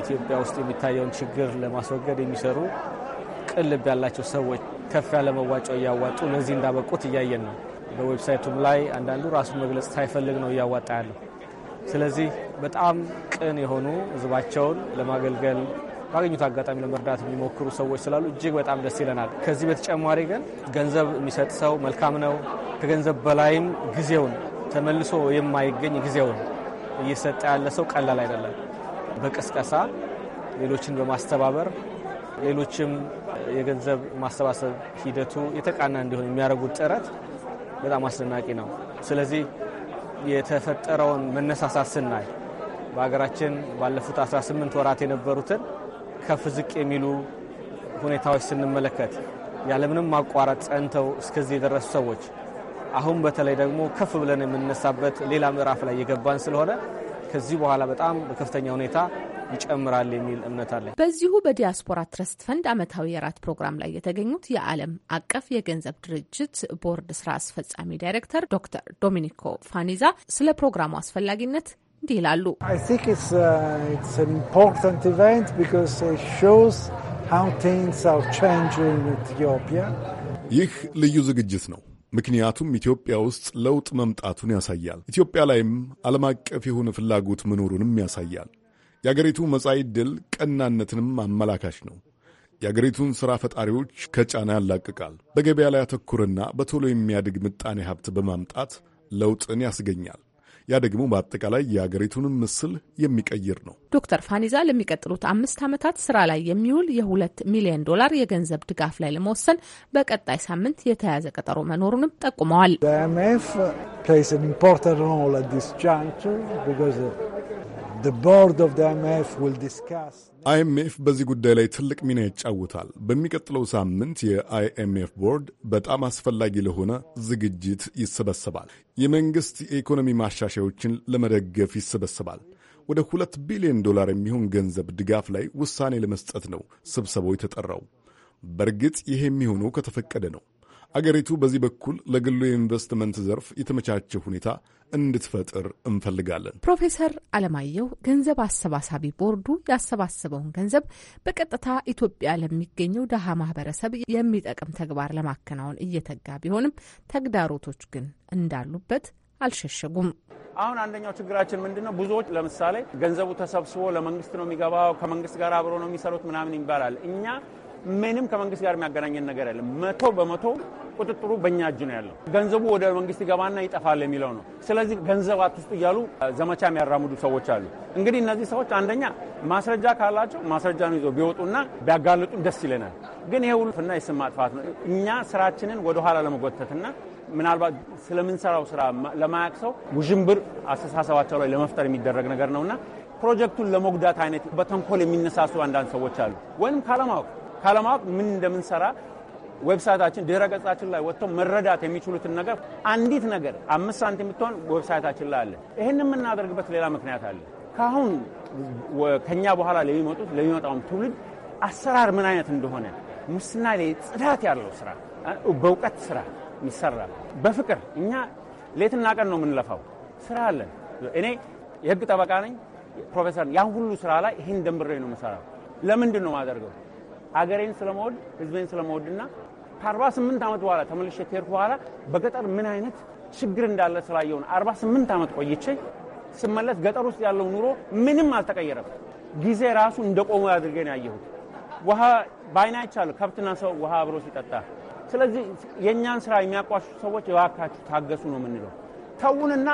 ኢትዮጵያ ውስጥ የሚታየውን ችግር ለማስወገድ የሚሰሩ ቅን ልብ ያላቸው ሰዎች ከፍ ያለ መዋጮ እያዋጡ ለዚህ እንዳበቁት እያየን ነው። በዌብሳይቱም ላይ አንዳንዱ ራሱን መግለጽ ሳይፈልግ ነው እያዋጣ ያለው። ስለዚህ በጣም ቅን የሆኑ ህዝባቸውን ለማገልገል ባገኙት አጋጣሚ ለመርዳት የሚሞክሩ ሰዎች ስላሉ እጅግ በጣም ደስ ይለናል። ከዚህ በተጨማሪ ግን ገንዘብ የሚሰጥ ሰው መልካም ነው። ከገንዘብ በላይም ጊዜውን ተመልሶ የማይገኝ ጊዜውን እየሰጠ ያለ ሰው ቀላል አይደለም። በቅስቀሳ ሌሎችን በማስተባበር ሌሎችም የገንዘብ ማሰባሰብ ሂደቱ የተቃና እንዲሆን የሚያደርጉት ጥረት በጣም አስደናቂ ነው። ስለዚህ የተፈጠረውን መነሳሳት ስናይ በሀገራችን ባለፉት 18 ወራት የነበሩትን ከፍ ዝቅ የሚሉ ሁኔታዎች ስንመለከት ያለምንም ማቋረጥ ጸንተው እስከዚህ የደረሱ ሰዎች አሁን በተለይ ደግሞ ከፍ ብለን የምንነሳበት ሌላ ምዕራፍ ላይ የገባን ስለሆነ ከዚህ በኋላ በጣም በከፍተኛ ሁኔታ ይጨምራል የሚል እምነት አለ። በዚሁ በዲያስፖራ ትረስት ፈንድ ዓመታዊ የራት ፕሮግራም ላይ የተገኙት የዓለም አቀፍ የገንዘብ ድርጅት ቦርድ ስራ አስፈጻሚ ዳይሬክተር ዶክተር ዶሚኒኮ ፋኒዛ ስለ ፕሮግራሙ አስፈላጊነት እንዲህ ይላሉ። uh, ይህ ልዩ ዝግጅት ነው። ምክንያቱም ኢትዮጵያ ውስጥ ለውጥ መምጣቱን ያሳያል። ኢትዮጵያ ላይም ዓለም አቀፍ የሆነ ፍላጎት መኖሩንም ያሳያል። የአገሪቱ መጻኢ ዕድል ቀናነትንም አመላካች ነው። የአገሪቱን ሥራ ፈጣሪዎች ከጫና ያላቅቃል። በገበያ ላይ ያተኩርና በቶሎ የሚያድግ ምጣኔ ሀብት በማምጣት ለውጥን ያስገኛል። ያ ደግሞ በአጠቃላይ የአገሪቱንም ምስል የሚቀይር ነው። ዶክተር ፋኒዛ ለሚቀጥሉት አምስት ዓመታት ስራ ላይ የሚውል የሁለት ሚሊዮን ዶላር የገንዘብ ድጋፍ ላይ ለመወሰን በቀጣይ ሳምንት የተያዘ ቀጠሮ መኖሩንም ጠቁመዋል። The አይኤምኤፍ በዚህ ጉዳይ ላይ ትልቅ ሚና ይጫወታል። በሚቀጥለው ሳምንት የአይኤምኤፍ ቦርድ በጣም አስፈላጊ ለሆነ ዝግጅት ይሰበሰባል። የመንግሥት የኢኮኖሚ ማሻሻዮችን ለመደገፍ ይሰበሰባል። ወደ ሁለት ቢሊዮን ዶላር የሚሆን ገንዘብ ድጋፍ ላይ ውሳኔ ለመስጠት ነው ስብሰባው የተጠራው። በእርግጥ ይሄ የሚሆነው ከተፈቀደ ነው። አገሪቱ በዚህ በኩል ለግሉ የኢንቨስትመንት ዘርፍ የተመቻቸው ሁኔታ እንድትፈጥር እንፈልጋለን። ፕሮፌሰር አለማየሁ ገንዘብ አሰባሳቢ ቦርዱ ያሰባሰበውን ገንዘብ በቀጥታ ኢትዮጵያ ለሚገኘው ድሃ ማህበረሰብ የሚጠቅም ተግባር ለማከናወን እየተጋ ቢሆንም ተግዳሮቶች ግን እንዳሉበት አልሸሸጉም። አሁን አንደኛው ችግራችን ምንድን ነው? ብዙዎች ለምሳሌ ገንዘቡ ተሰብስቦ ለመንግስት ነው የሚገባው፣ ከመንግስት ጋር አብሮ ነው የሚሰሩት ምናምን ይባላል። እኛ ምንም ከመንግስት ጋር የሚያገናኘን ነገር ያለ መቶ በመቶ ቁጥጥሩ በእኛ እጅ ነው ያለው። ገንዘቡ ወደ መንግስት ይገባና ይጠፋል የሚለው ነው። ስለዚህ ገንዘብ አትስጡ እያሉ ዘመቻ የሚያራምዱ ሰዎች አሉ። እንግዲህ እነዚህ ሰዎች አንደኛ ማስረጃ ካላቸው ማስረጃ ነው ይዘው ቢወጡና ቢያጋልጡን ደስ ይለናል። ግን ይሄ ሁሉ ፍና የስም ማጥፋት ነው። እኛ ስራችንን ወደኋላ ለመጎተትና ምናልባት ስለምንሰራው ስራ ለማያቅ ሰው ውዥንብር አስተሳሰባቸው ላይ ለመፍጠር የሚደረግ ነገር ነውና ፕሮጀክቱን ለመጉዳት አይነት በተንኮል የሚነሳሱ አንዳንድ ሰዎች አሉ ወይም ካለማወቅ ካለማወቅ ምን እንደምንሰራ ዌብሳይታችን ድረ ገጻችን ላይ ወጥተው መረዳት የሚችሉትን ነገር አንዲት ነገር አምስት ሳንቲም የምትሆን ዌብሳይታችን ላይ አለ። ይህን የምናደርግበት ሌላ ምክንያት አለ። ከአሁን ከኛ በኋላ ለሚመጡት ለሚመጣውም ትውልድ አሰራር ምን አይነት እንደሆነ ሙስና ላይ ጽዳት ያለው ስራ በእውቀት ስራ የሚሰራ በፍቅር እኛ ሌትና ቀን ነው የምንለፋው። ስራ አለን። እኔ የህግ ጠበቃ ነኝ ፕሮፌሰር ያን ሁሉ ስራ ላይ ይህን ደንብሬ ነው የምሰራው። ለምንድን ነው የማደርገው? አገሬን ስለመወድ ህዝቤን ስለመወድ እና ከ48 ዓመት በኋላ ተመልሼ ከሄድኩ በኋላ በገጠር ምን አይነት ችግር እንዳለ ስላየውን 48 ዓመት ቆይቼ ስመለስ ገጠር ውስጥ ያለው ኑሮ ምንም አልተቀየረም። ጊዜ ራሱ ቆሞ አድርገን ያየሁት ውሃ በአይና ይቻሉ ከብትና ሰው ውሃ አብሮ ሲጠጣ። ስለዚህ የእኛን ስራ የሚያቋሹ ሰዎች እባካችሁ ታገሱ ነው የምንለው። ተዉንና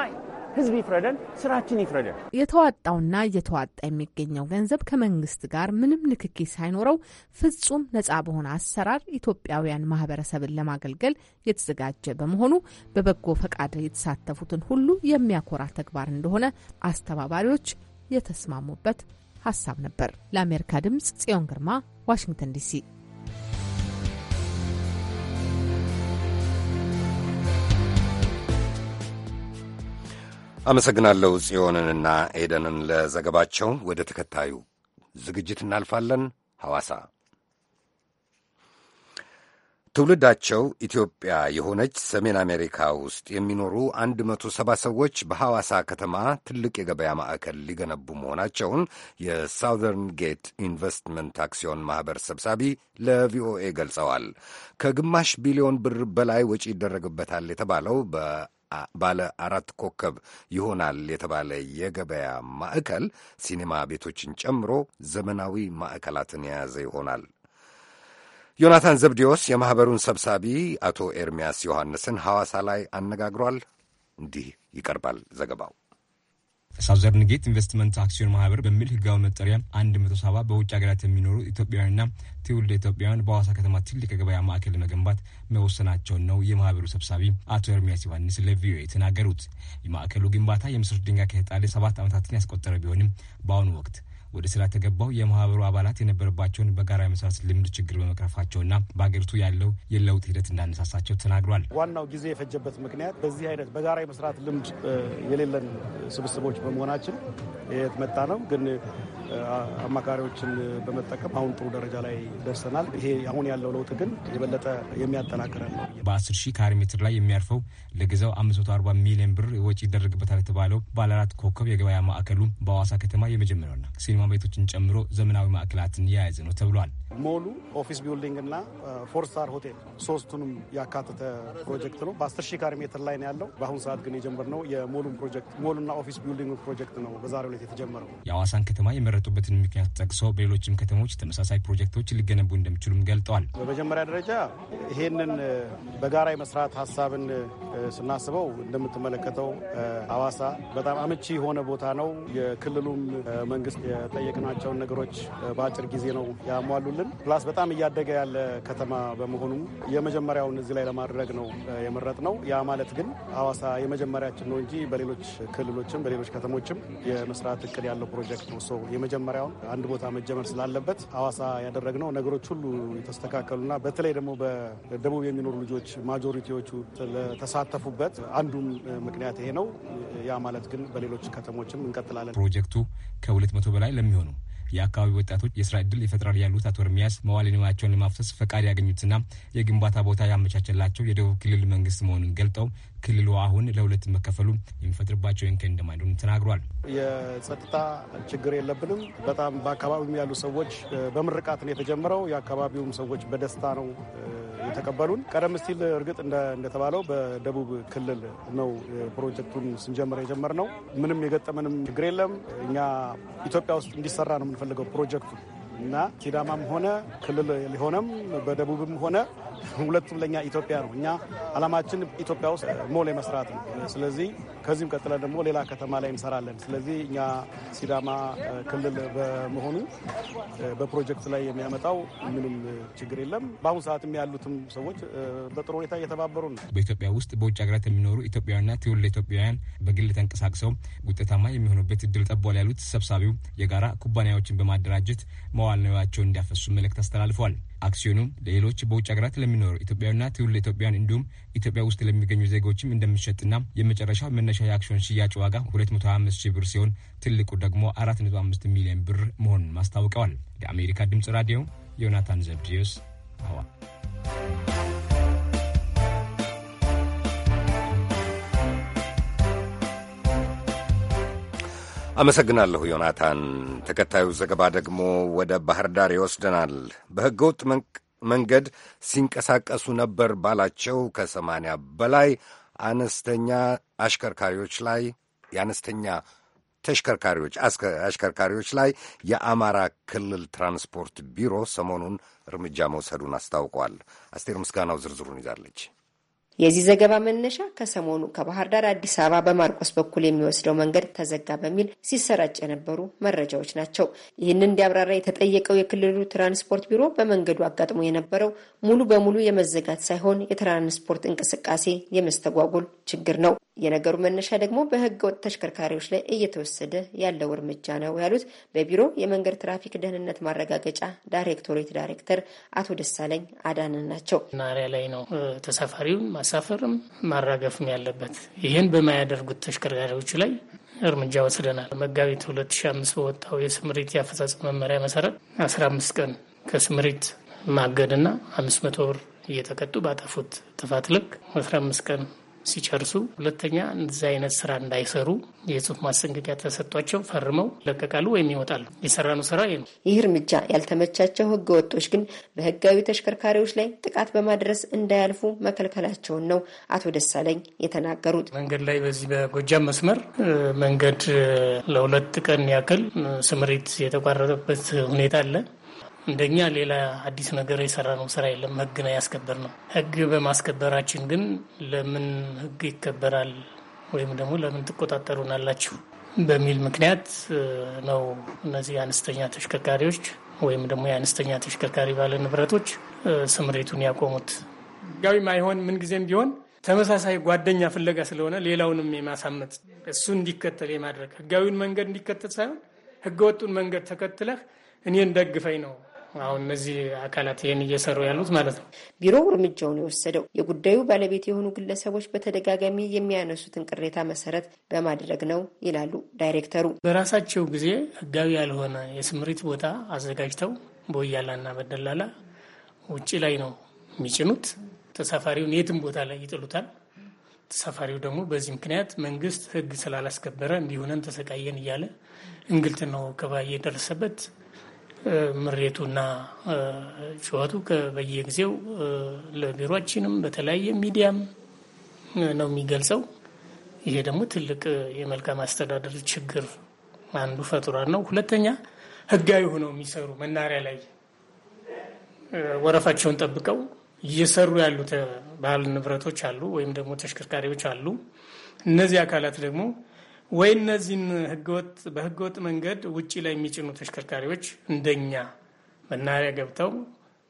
ህዝብ ይፍረደን፣ ስራችን ይፍረደን። የተዋጣውና እየተዋጣ የሚገኘው ገንዘብ ከመንግስት ጋር ምንም ንክኪ ሳይኖረው ፍጹም ነጻ በሆነ አሰራር ኢትዮጵያውያን ማህበረሰብን ለማገልገል የተዘጋጀ በመሆኑ በበጎ ፈቃድ የተሳተፉትን ሁሉ የሚያኮራ ተግባር እንደሆነ አስተባባሪዎች የተስማሙበት ሀሳብ ነበር። ለአሜሪካ ድምጽ ጽዮን ግርማ ዋሽንግተን ዲሲ አመሰግናለሁ ጽዮንንና ኤደንን ለዘገባቸው። ወደ ተከታዩ ዝግጅት እናልፋለን። ሐዋሳ ትውልዳቸው ኢትዮጵያ የሆነች ሰሜን አሜሪካ ውስጥ የሚኖሩ ሰባ ሰዎች በሐዋሳ ከተማ ትልቅ የገበያ ማዕከል ሊገነቡ መሆናቸውን የሳውዘርን ጌት ኢንቨስትመንት አክሲዮን ማኅበር ሰብሳቢ ለቪኦኤ ገልጸዋል። ከግማሽ ቢሊዮን ብር በላይ ወጪ ይደረግበታል የተባለው በ ባለ አራት ኮከብ ይሆናል የተባለ የገበያ ማዕከል ሲኔማ ቤቶችን ጨምሮ ዘመናዊ ማዕከላትን የያዘ ይሆናል። ዮናታን ዘብዴዎስ የማኅበሩን ሰብሳቢ አቶ ኤርሚያስ ዮሐንስን ሐዋሳ ላይ አነጋግሯል። እንዲህ ይቀርባል ዘገባው። ሳውዘርን ጌት ኢንቨስትመንት አክሲዮን ማህበር በሚል ህጋዊ መጠሪያ አንድ በውጭ ሀገራት የሚኖሩ ኢትዮጵያውያንና ትውልድ ኢትዮጵያውያን በሐዋሳ ከተማ ትልቅ የገበያ ማዕከል ለመገንባት መወሰናቸውን ነው የማህበሩ ሰብሳቢ አቶ ኤርሚያስ ዮሐንስ ለቪኦኤ የተናገሩት። የማዕከሉ ግንባታ የምስር ድንጋይ ከተጣለ ሰባት ዓመታትን ያስቆጠረ ቢሆንም በአሁኑ ወቅት ወደ ስራ ተገባው የማህበሩ አባላት የነበረባቸውን በጋራ የመስራት ልምድ ችግር በመቅረፋቸውና በአገሪቱ ያለው የለውጥ ሂደት እንዳነሳሳቸው ተናግሯል። ዋናው ጊዜ የፈጀበት ምክንያት በዚህ አይነት በጋራ የመስራት ልምድ የሌለን ስብስቦች በመሆናችን መጣ ነው። ግን አማካሪዎችን በመጠቀም አሁን ጥሩ ደረጃ ላይ ደርሰናል። ይሄ አሁን ያለው ለውጥ ግን የበለጠ የሚያጠናክረን ነው። በ10 ሺህ ካሬ ሜትር ላይ የሚያርፈው ለጊዜው 540 ሚሊዮን ብር ወጪ ይደረግበታል የተባለው ባለአራት ኮከብ የገበያ ማዕከሉ በአዋሳ ከተማ የመጀመሪያውና ሲኒማ ቡና ቤቶችን ጨምሮ ዘመናዊ ማዕከላትን የያዘ ነው ተብሏል። ሞሉ ኦፊስ ቢልዲንግ እና ፎር ስታር ሆቴል ሶስቱንም ያካተተ ፕሮጀክት ነው። ሺህ ካሬ ሜትር ላይ ነው ያለው። በአሁኑ ሰዓት ግን የጀመርነው የሞሉን ፕሮጀክት ሞሉና ኦፊስ ቢልዲንግ ፕሮጀክት ነው በዛሬው ዕለት የተጀመረው። የአዋሳን ከተማ የመረጡበትን ምክንያት ጠቅሶ በሌሎችም ከተሞች ተመሳሳይ ፕሮጀክቶች ሊገነቡ እንደሚችሉም ገልጠዋል። በመጀመሪያ ደረጃ ይሄንን በጋራ የመስራት ሀሳብን ስናስበው እንደምትመለከተው አዋሳ በጣም አመቺ የሆነ ቦታ ነው። የክልሉም መንግስት የጠየቅናቸውን ነገሮች በአጭር ጊዜ ነው ያሟሉልን። ፕላስ በጣም እያደገ ያለ ከተማ በመሆኑ የመጀመሪያውን እዚህ ላይ ለማድረግ ነው የመረጥ ነው። ያ ማለት ግን አዋሳ የመጀመሪያችን ነው እንጂ በሌሎች ክልሎችም በሌሎች ከተሞችም የመስራት እቅድ ያለው ፕሮጀክት ነው። ሶ የመጀመሪያውን አንድ ቦታ መጀመር ስላለበት ያደረግ ያደረግነው ነገሮች ሁሉ የተስተካከሉና በተለይ ደግሞ በደቡብ የሚኖሩ ልጆች ማጆሪቲዎቹ ተሳተፉበት አንዱም ምክንያት ይሄ ነው። ያ ማለት ግን በሌሎች ከተሞችም እንቀጥላለን ፕሮጀክቱ ከሁለት መቶ በላይ ለሚሆኑ የአካባቢ ወጣቶች የስራ እድል ይፈጥራል ያሉት አቶ እርሚያስ መዋለ ንዋያቸውን ለማፍሰስ ፈቃድ ያገኙትና የግንባታ ቦታ ያመቻቸላቸው የደቡብ ክልል መንግስት መሆኑን ገልጠው ክልሉ አሁን ለሁለት መከፈሉ የሚፈጥርባቸው እንከን እንደማይሆኑ ተናግሯል። የጸጥታ ችግር የለብንም። በጣም በአካባቢውም ያሉ ሰዎች በምርቃት ነው የተጀመረው። የአካባቢውም ሰዎች በደስታ ነው የተቀበሉን። ቀደም ሲል እርግጥ እንደተባለው በደቡብ ክልል ነው ፕሮጀክቱን ስንጀምር ነው። ምንም የገጠመንም ችግር የለም። እኛ ኢትዮጵያ ውስጥ እንዲሰራ ነው የምንፈልገው ፕሮጀክቱ እና ሲዳማም ሆነ ክልል ሊሆነም በደቡብም ሆነ ሁለቱም ለእኛ ኢትዮጵያ ነው። እኛ አላማችን ኢትዮጵያ ውስጥ ሞል የመስራት ነው። ስለዚህ ከዚህም ቀጥለን ደግሞ ሌላ ከተማ ላይ እንሰራለን። ስለዚህ እኛ ሲዳማ ክልል በመሆኑ በፕሮጀክት ላይ የሚያመጣው ምንም ችግር የለም። በአሁኑ ሰዓትም ያሉትም ሰዎች በጥሩ ሁኔታ እየተባበሩ ነው። በኢትዮጵያ ውስጥ በውጭ ሀገራት የሚኖሩ ኢትዮጵያውያንና ትውልደ ኢትዮጵያውያን በግል ተንቀሳቅሰው ውጤታማ የሚሆኑበት እድል ጠቧል ያሉት ሰብሳቢው የጋራ ኩባንያዎችን በማደራጀት መዋዕለ ንዋያቸውን እንዲያፈሱ መልእክት አስተላልፏል። አክሲዮኑም ለሌሎች በውጭ ሀገራት ለሚኖሩ ኢትዮጵያና ትውልደ ኢትዮጵያን እንዲሁም ኢትዮጵያ ውስጥ ለሚገኙ ዜጎችም እንደሚሸጥና የመጨረሻው መነሻ የአክሲዮን ሽያጭ ዋጋ 225 ሺህ ብር ሲሆን ትልቁ ደግሞ 4.5 ሚሊዮን ብር መሆኑን ማስታውቀዋል። ለአሜሪካ ድምፅ ራዲዮ ዮናታን ዘብድዮስ አዋ አመሰግናለሁ ዮናታን። ተከታዩ ዘገባ ደግሞ ወደ ባህር ዳር ይወስደናል። በሕገወጥ መንገድ ሲንቀሳቀሱ ነበር ባላቸው ከሰማንያ በላይ አነስተኛ አሽከርካሪዎች ላይ የአነስተኛ ተሽከርካሪዎች አሽከርካሪዎች ላይ የአማራ ክልል ትራንስፖርት ቢሮ ሰሞኑን እርምጃ መውሰዱን አስታውቋል። አስቴር ምስጋናው ዝርዝሩን ይዛለች። የዚህ ዘገባ መነሻ ከሰሞኑ ከባህር ዳር አዲስ አበባ በማርቆስ በኩል የሚወስደው መንገድ ተዘጋ በሚል ሲሰራጭ የነበሩ መረጃዎች ናቸው። ይህንን እንዲያብራራ የተጠየቀው የክልሉ ትራንስፖርት ቢሮ በመንገዱ አጋጥሞ የነበረው ሙሉ በሙሉ የመዘጋት ሳይሆን የትራንስፖርት እንቅስቃሴ የመስተጓጎል ችግር ነው። የነገሩ መነሻ ደግሞ በህገ ወጥ ተሽከርካሪዎች ላይ እየተወሰደ ያለው እርምጃ ነው ያሉት በቢሮ የመንገድ ትራፊክ ደህንነት ማረጋገጫ ዳይሬክቶሬት ዳይሬክተር አቶ ደሳለኝ አዳን ናቸው። ናሪያ ላይ ነው ተሳፋሪውን ማሳፈርም ማራገፍም ያለበት። ይህን በማያደርጉት ተሽከርካሪዎች ላይ እርምጃ ወስደናል። መጋቢት 2005 በወጣው የስምሪት የአፈጻጸም መመሪያ መሰረት 15 ቀን ከስምሪት ማገድና 500 ብር እየተቀጡ ባጠፉት ጥፋት ልክ 15 ቀን ሲጨርሱ፣ ሁለተኛ እንደዚህ አይነት ስራ እንዳይሰሩ የጽሁፍ ማስጠንቀቂያ ተሰጥቷቸው ፈርመው ይለቀቃሉ ወይም ይወጣሉ። የሰራነው ስራ ይህ ነው። ይህ እርምጃ ያልተመቻቸው ህገ ወጦች ግን በህጋዊ ተሽከርካሪዎች ላይ ጥቃት በማድረስ እንዳያልፉ መከልከላቸውን ነው አቶ ደሳለኝ የተናገሩት። መንገድ ላይ በዚህ በጎጃም መስመር መንገድ ለሁለት ቀን ያክል ስምሪት የተቋረጠበት ሁኔታ አለ። እንደኛ ሌላ አዲስ ነገር የሰራ ነው ስራ የለም። ህግ ነው ያስከበር ነው። ህግ በማስከበራችን ግን ለምን ህግ ይከበራል ወይም ደግሞ ለምን ትቆጣጠሩናላችሁ በሚል ምክንያት ነው እነዚህ አነስተኛ ተሽከርካሪዎች ወይም ደግሞ የአነስተኛ ተሽከርካሪ ባለ ንብረቶች ስምሬቱን ያቆሙት። ህጋዊ ማይሆን ምንጊዜም ቢሆን ተመሳሳይ ጓደኛ ፍለጋ ስለሆነ ሌላውንም የማሳመት እሱ እንዲከተል የማድረግ ህጋዊውን መንገድ እንዲከተል ሳይሆን ህገወጡን መንገድ ተከትለህ እኔን ደግፈኝ ነው አሁን እነዚህ አካላት ይህን እየሰሩ ያሉት ማለት ነው። ቢሮው እርምጃውን የወሰደው የጉዳዩ ባለቤት የሆኑ ግለሰቦች በተደጋጋሚ የሚያነሱትን ቅሬታ መሰረት በማድረግ ነው ይላሉ ዳይሬክተሩ። በራሳቸው ጊዜ ህጋዊ ያልሆነ የስምሪት ቦታ አዘጋጅተው ቦያላና በደላላ ውጭ ላይ ነው የሚጭኑት። ተሳፋሪውን የትም ቦታ ላይ ይጥሉታል። ተሳፋሪው ደግሞ በዚህ ምክንያት መንግስት ህግ ስላላስከበረ እንዲሆነን ተሰቃየን እያለ እንግልት ነው ከባ እየደረሰበት ምሬቱና ጩኸቱ በየጊዜው ለቢሮችንም በተለያየ ሚዲያም ነው የሚገልጸው። ይሄ ደግሞ ትልቅ የመልካም አስተዳደር ችግር አንዱ ፈጥሯል ነው። ሁለተኛ ህጋዊ ሆነው የሚሰሩ መናሪያ ላይ ወረፋቸውን ጠብቀው እየሰሩ ያሉ ባህል ንብረቶች አሉ፣ ወይም ደግሞ ተሽከርካሪዎች አሉ። እነዚህ አካላት ደግሞ ወይ እነዚህን ህገወጥ በህገወጥ መንገድ ውጭ ላይ የሚጭኑ ተሽከርካሪዎች እንደኛ መናሪያ ገብተው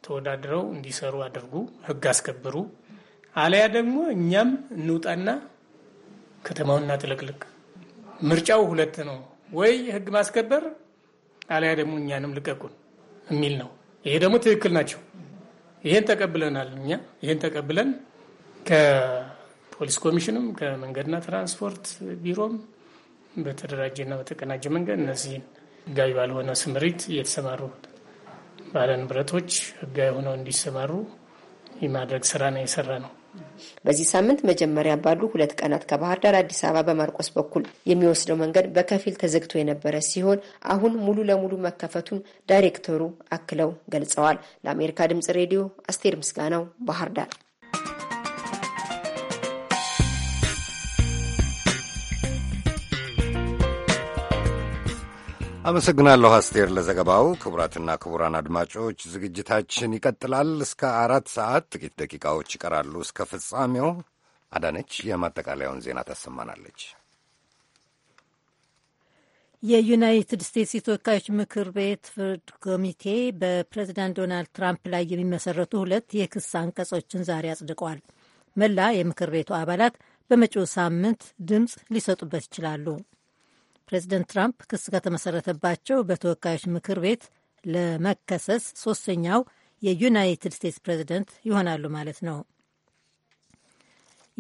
ተወዳድረው እንዲሰሩ አድርጉ፣ ህግ አስከብሩ። አለያ ደግሞ እኛም እንውጣና ከተማውና ትልቅልቅ ምርጫው ሁለት ነው፣ ወይ ህግ ማስከበር አለያ ደግሞ እኛንም ልቀቁን የሚል ነው። ይሄ ደግሞ ትክክል ናቸው። ይሄን ተቀብለናል። እኛ ይሄን ተቀብለን ከፖሊስ ኮሚሽንም ከመንገድና ትራንስፖርት ቢሮም በተደራጀና በተቀናጀ መንገድ እነዚህን ህጋዊ ባልሆነ ስምሪት ባለ ባለንብረቶች ህጋዊ ሆነው እንዲሰማሩ የማድረግ ስራ ነው የሰራ ነው። በዚህ ሳምንት መጀመሪያ ባሉ ሁለት ቀናት ከባህር ዳር አዲስ አበባ በማርቆስ በኩል የሚወስደው መንገድ በከፊል ተዘግቶ የነበረ ሲሆን አሁን ሙሉ ለሙሉ መከፈቱን ዳይሬክተሩ አክለው ገልጸዋል። ለአሜሪካ ድምጽ ሬዲዮ አስቴር ምስጋናው ባህር ዳር። አመሰግናለሁ አስቴር ለዘገባው። ክቡራትና ክቡራን አድማጮች ዝግጅታችን ይቀጥላል እስከ አራት ሰዓት ጥቂት ደቂቃዎች ይቀራሉ እስከ ፍጻሜው። አዳነች የማጠቃለያውን ዜና ታሰማናለች። የዩናይትድ ስቴትስ የተወካዮች ምክር ቤት ፍርድ ኮሚቴ በፕሬዚዳንት ዶናልድ ትራምፕ ላይ የሚመሰረቱ ሁለት የክስ አንቀጾችን ዛሬ አጽድቀዋል። መላ የምክር ቤቱ አባላት በመጪው ሳምንት ድምፅ ሊሰጡበት ይችላሉ። ፕሬዚደንት ትራምፕ ክስ ከተመሰረተባቸው በተወካዮች ምክር ቤት ለመከሰስ ሶስተኛው የዩናይትድ ስቴትስ ፕሬዚደንት ይሆናሉ ማለት ነው።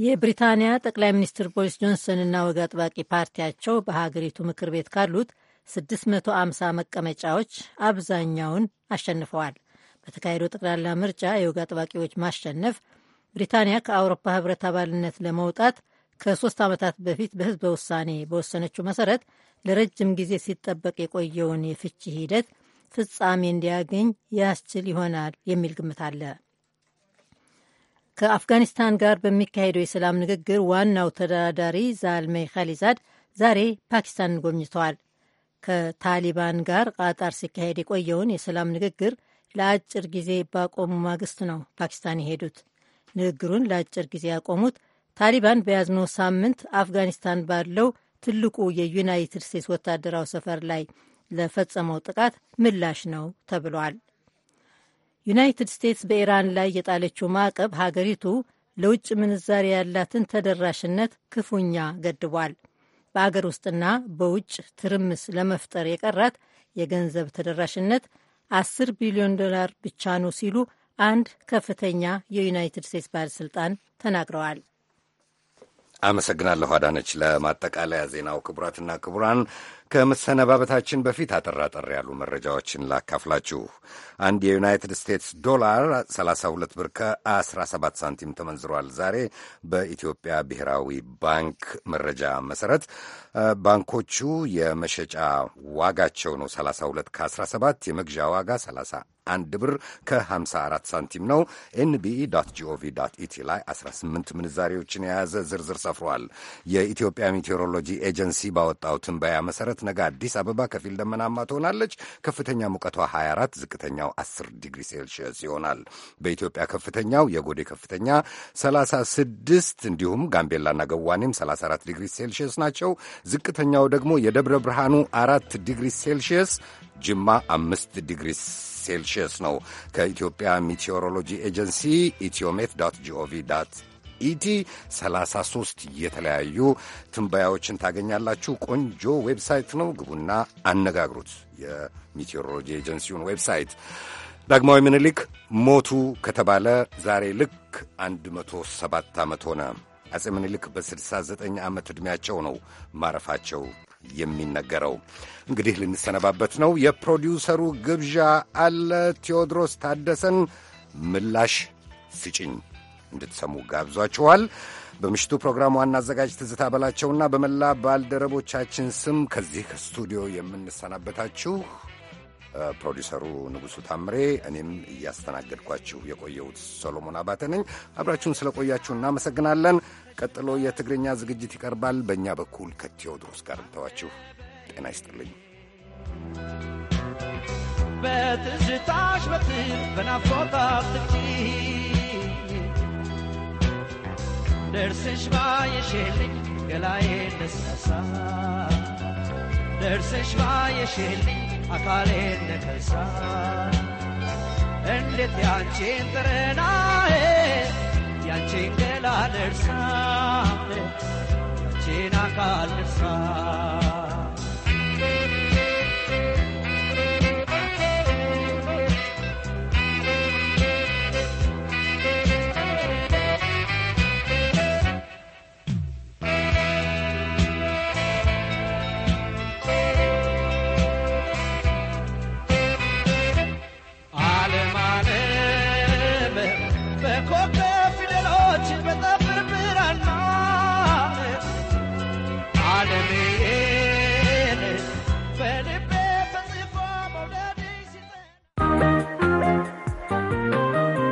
የብሪታንያ ጠቅላይ ሚኒስትር ቦሪስ ጆንሰንና ወግ አጥባቂ ፓርቲያቸው በሀገሪቱ ምክር ቤት ካሉት 650 መቀመጫዎች አብዛኛውን አሸንፈዋል። በተካሄደው ጠቅላላ ምርጫ የወግ አጥባቂዎች ማሸነፍ ብሪታንያ ከአውሮፓ ሕብረት አባልነት ለመውጣት ከሶስት ዓመታት በፊት በህዝበ ውሳኔ በወሰነችው መሰረት ለረጅም ጊዜ ሲጠበቅ የቆየውን የፍቺ ሂደት ፍጻሜ እንዲያገኝ ያስችል ይሆናል የሚል ግምት አለ። ከአፍጋኒስታን ጋር በሚካሄደው የሰላም ንግግር ዋናው ተደራዳሪ ዛልሜይ ኸሊዛድ ዛሬ ፓኪስታንን ጎብኝተዋል። ከታሊባን ጋር ቃጣር ሲካሄድ የቆየውን የሰላም ንግግር ለአጭር ጊዜ ባቆሙ ማግስት ነው ፓኪስታን የሄዱት። ንግግሩን ለአጭር ጊዜ ያቆሙት ታሊባን በያዝነው ሳምንት አፍጋኒስታን ባለው ትልቁ የዩናይትድ ስቴትስ ወታደራዊ ሰፈር ላይ ለፈጸመው ጥቃት ምላሽ ነው ተብሏል። ዩናይትድ ስቴትስ በኢራን ላይ የጣለችው ማዕቀብ ሀገሪቱ ለውጭ ምንዛሪ ያላትን ተደራሽነት ክፉኛ ገድቧል። በአገር ውስጥና በውጭ ትርምስ ለመፍጠር የቀራት የገንዘብ ተደራሽነት አስር ቢሊዮን ዶላር ብቻ ነው ሲሉ አንድ ከፍተኛ የዩናይትድ ስቴትስ ባለሥልጣን ተናግረዋል። አመሰግናለሁ አዳነች። ለማጠቃለያ ዜናው ክቡራትና ክቡራን ከመሰነባበታችን በፊት አጠር አጠር ያሉ መረጃዎችን ላካፍላችሁ። አንድ የዩናይትድ ስቴትስ ዶላር 32 ብር ከ17 ሳንቲም ተመንዝሯል። ዛሬ በኢትዮጵያ ብሔራዊ ባንክ መረጃ መሰረት ባንኮቹ የመሸጫ ዋጋቸው ነው 32 ከ17፣ የመግዣ ዋጋ 31 ብር ከ54 ሳንቲም ነው። ኤንቢኢ ጂኦቪ ኢቲ ላይ 18 ምንዛሬዎችን የያዘ ዝርዝር ሰፍሯል። የኢትዮጵያ ሜቴሮሎጂ ኤጀንሲ ባወጣው ትንበያ መሰረት መሰረት ነገ አዲስ አበባ ከፊል ደመናማ ትሆናለች። ከፍተኛ ሙቀቷ 24፣ ዝቅተኛው 10 ዲግሪ ሴልሺየስ ይሆናል። በኢትዮጵያ ከፍተኛው የጎዴ ከፍተኛ 36 እንዲሁም ጋምቤላና ገዋኔም 34 ዲግሪ ሴልሺየስ ናቸው። ዝቅተኛው ደግሞ የደብረ ብርሃኑ አራት ዲግሪ ሴልሺየስ ጅማ 5 ዲግሪ ሴልሺየስ ነው። ከኢትዮጵያ ሚቴዎሮሎጂ ኤጀንሲ ኢትዮሜት ጂኦቪ ኢቲ 33 የተለያዩ ትንበያዎችን ታገኛላችሁ። ቆንጆ ዌብሳይት ነው። ግቡና አነጋግሩት፣ የሚቴዎሮሎጂ ኤጀንሲውን ዌብሳይት። ዳግማዊ ምኒልክ ሞቱ ከተባለ ዛሬ ልክ 107 ዓመት ሆነ። አፄ ምኒልክ በ69 ዓመት ዕድሜያቸው ነው ማረፋቸው የሚነገረው። እንግዲህ ልንሰነባበት ነው። የፕሮዲውሰሩ ግብዣ አለ። ቴዎድሮስ ታደሰን ምላሽ ስጭኝ እንድትሰሙ ጋብዟችኋል። በምሽቱ ፕሮግራም ዋና አዘጋጅ ትዝታ በላቸውና በመላ ባልደረቦቻችን ስም ከዚህ ከስቱዲዮ የምንሰናበታችሁ ፕሮዲሰሩ ንጉሡ ታምሬ፣ እኔም እያስተናገድኳችሁ የቆየሁት ሰሎሞን አባተ ነኝ። አብራችሁን ስለቆያችሁ እናመሰግናለን። ቀጥሎ የትግርኛ ዝግጅት ይቀርባል። በእኛ በኩል ከቴዎድሮስ ጋር እንተዋችሁ። ጤና ይስጥልኝ። በትዝታሽ በትር በናፍቆታት ደርስሽ ባየሽልኝ ገላዬ ነሳሳ ደርስሽ ባየሽልኝ አካሌ ነከሳ እንዴት ያንቺን ጥረናዬ ያንቺን ገላ ደርሳ ያንቺን አካል ደርሳ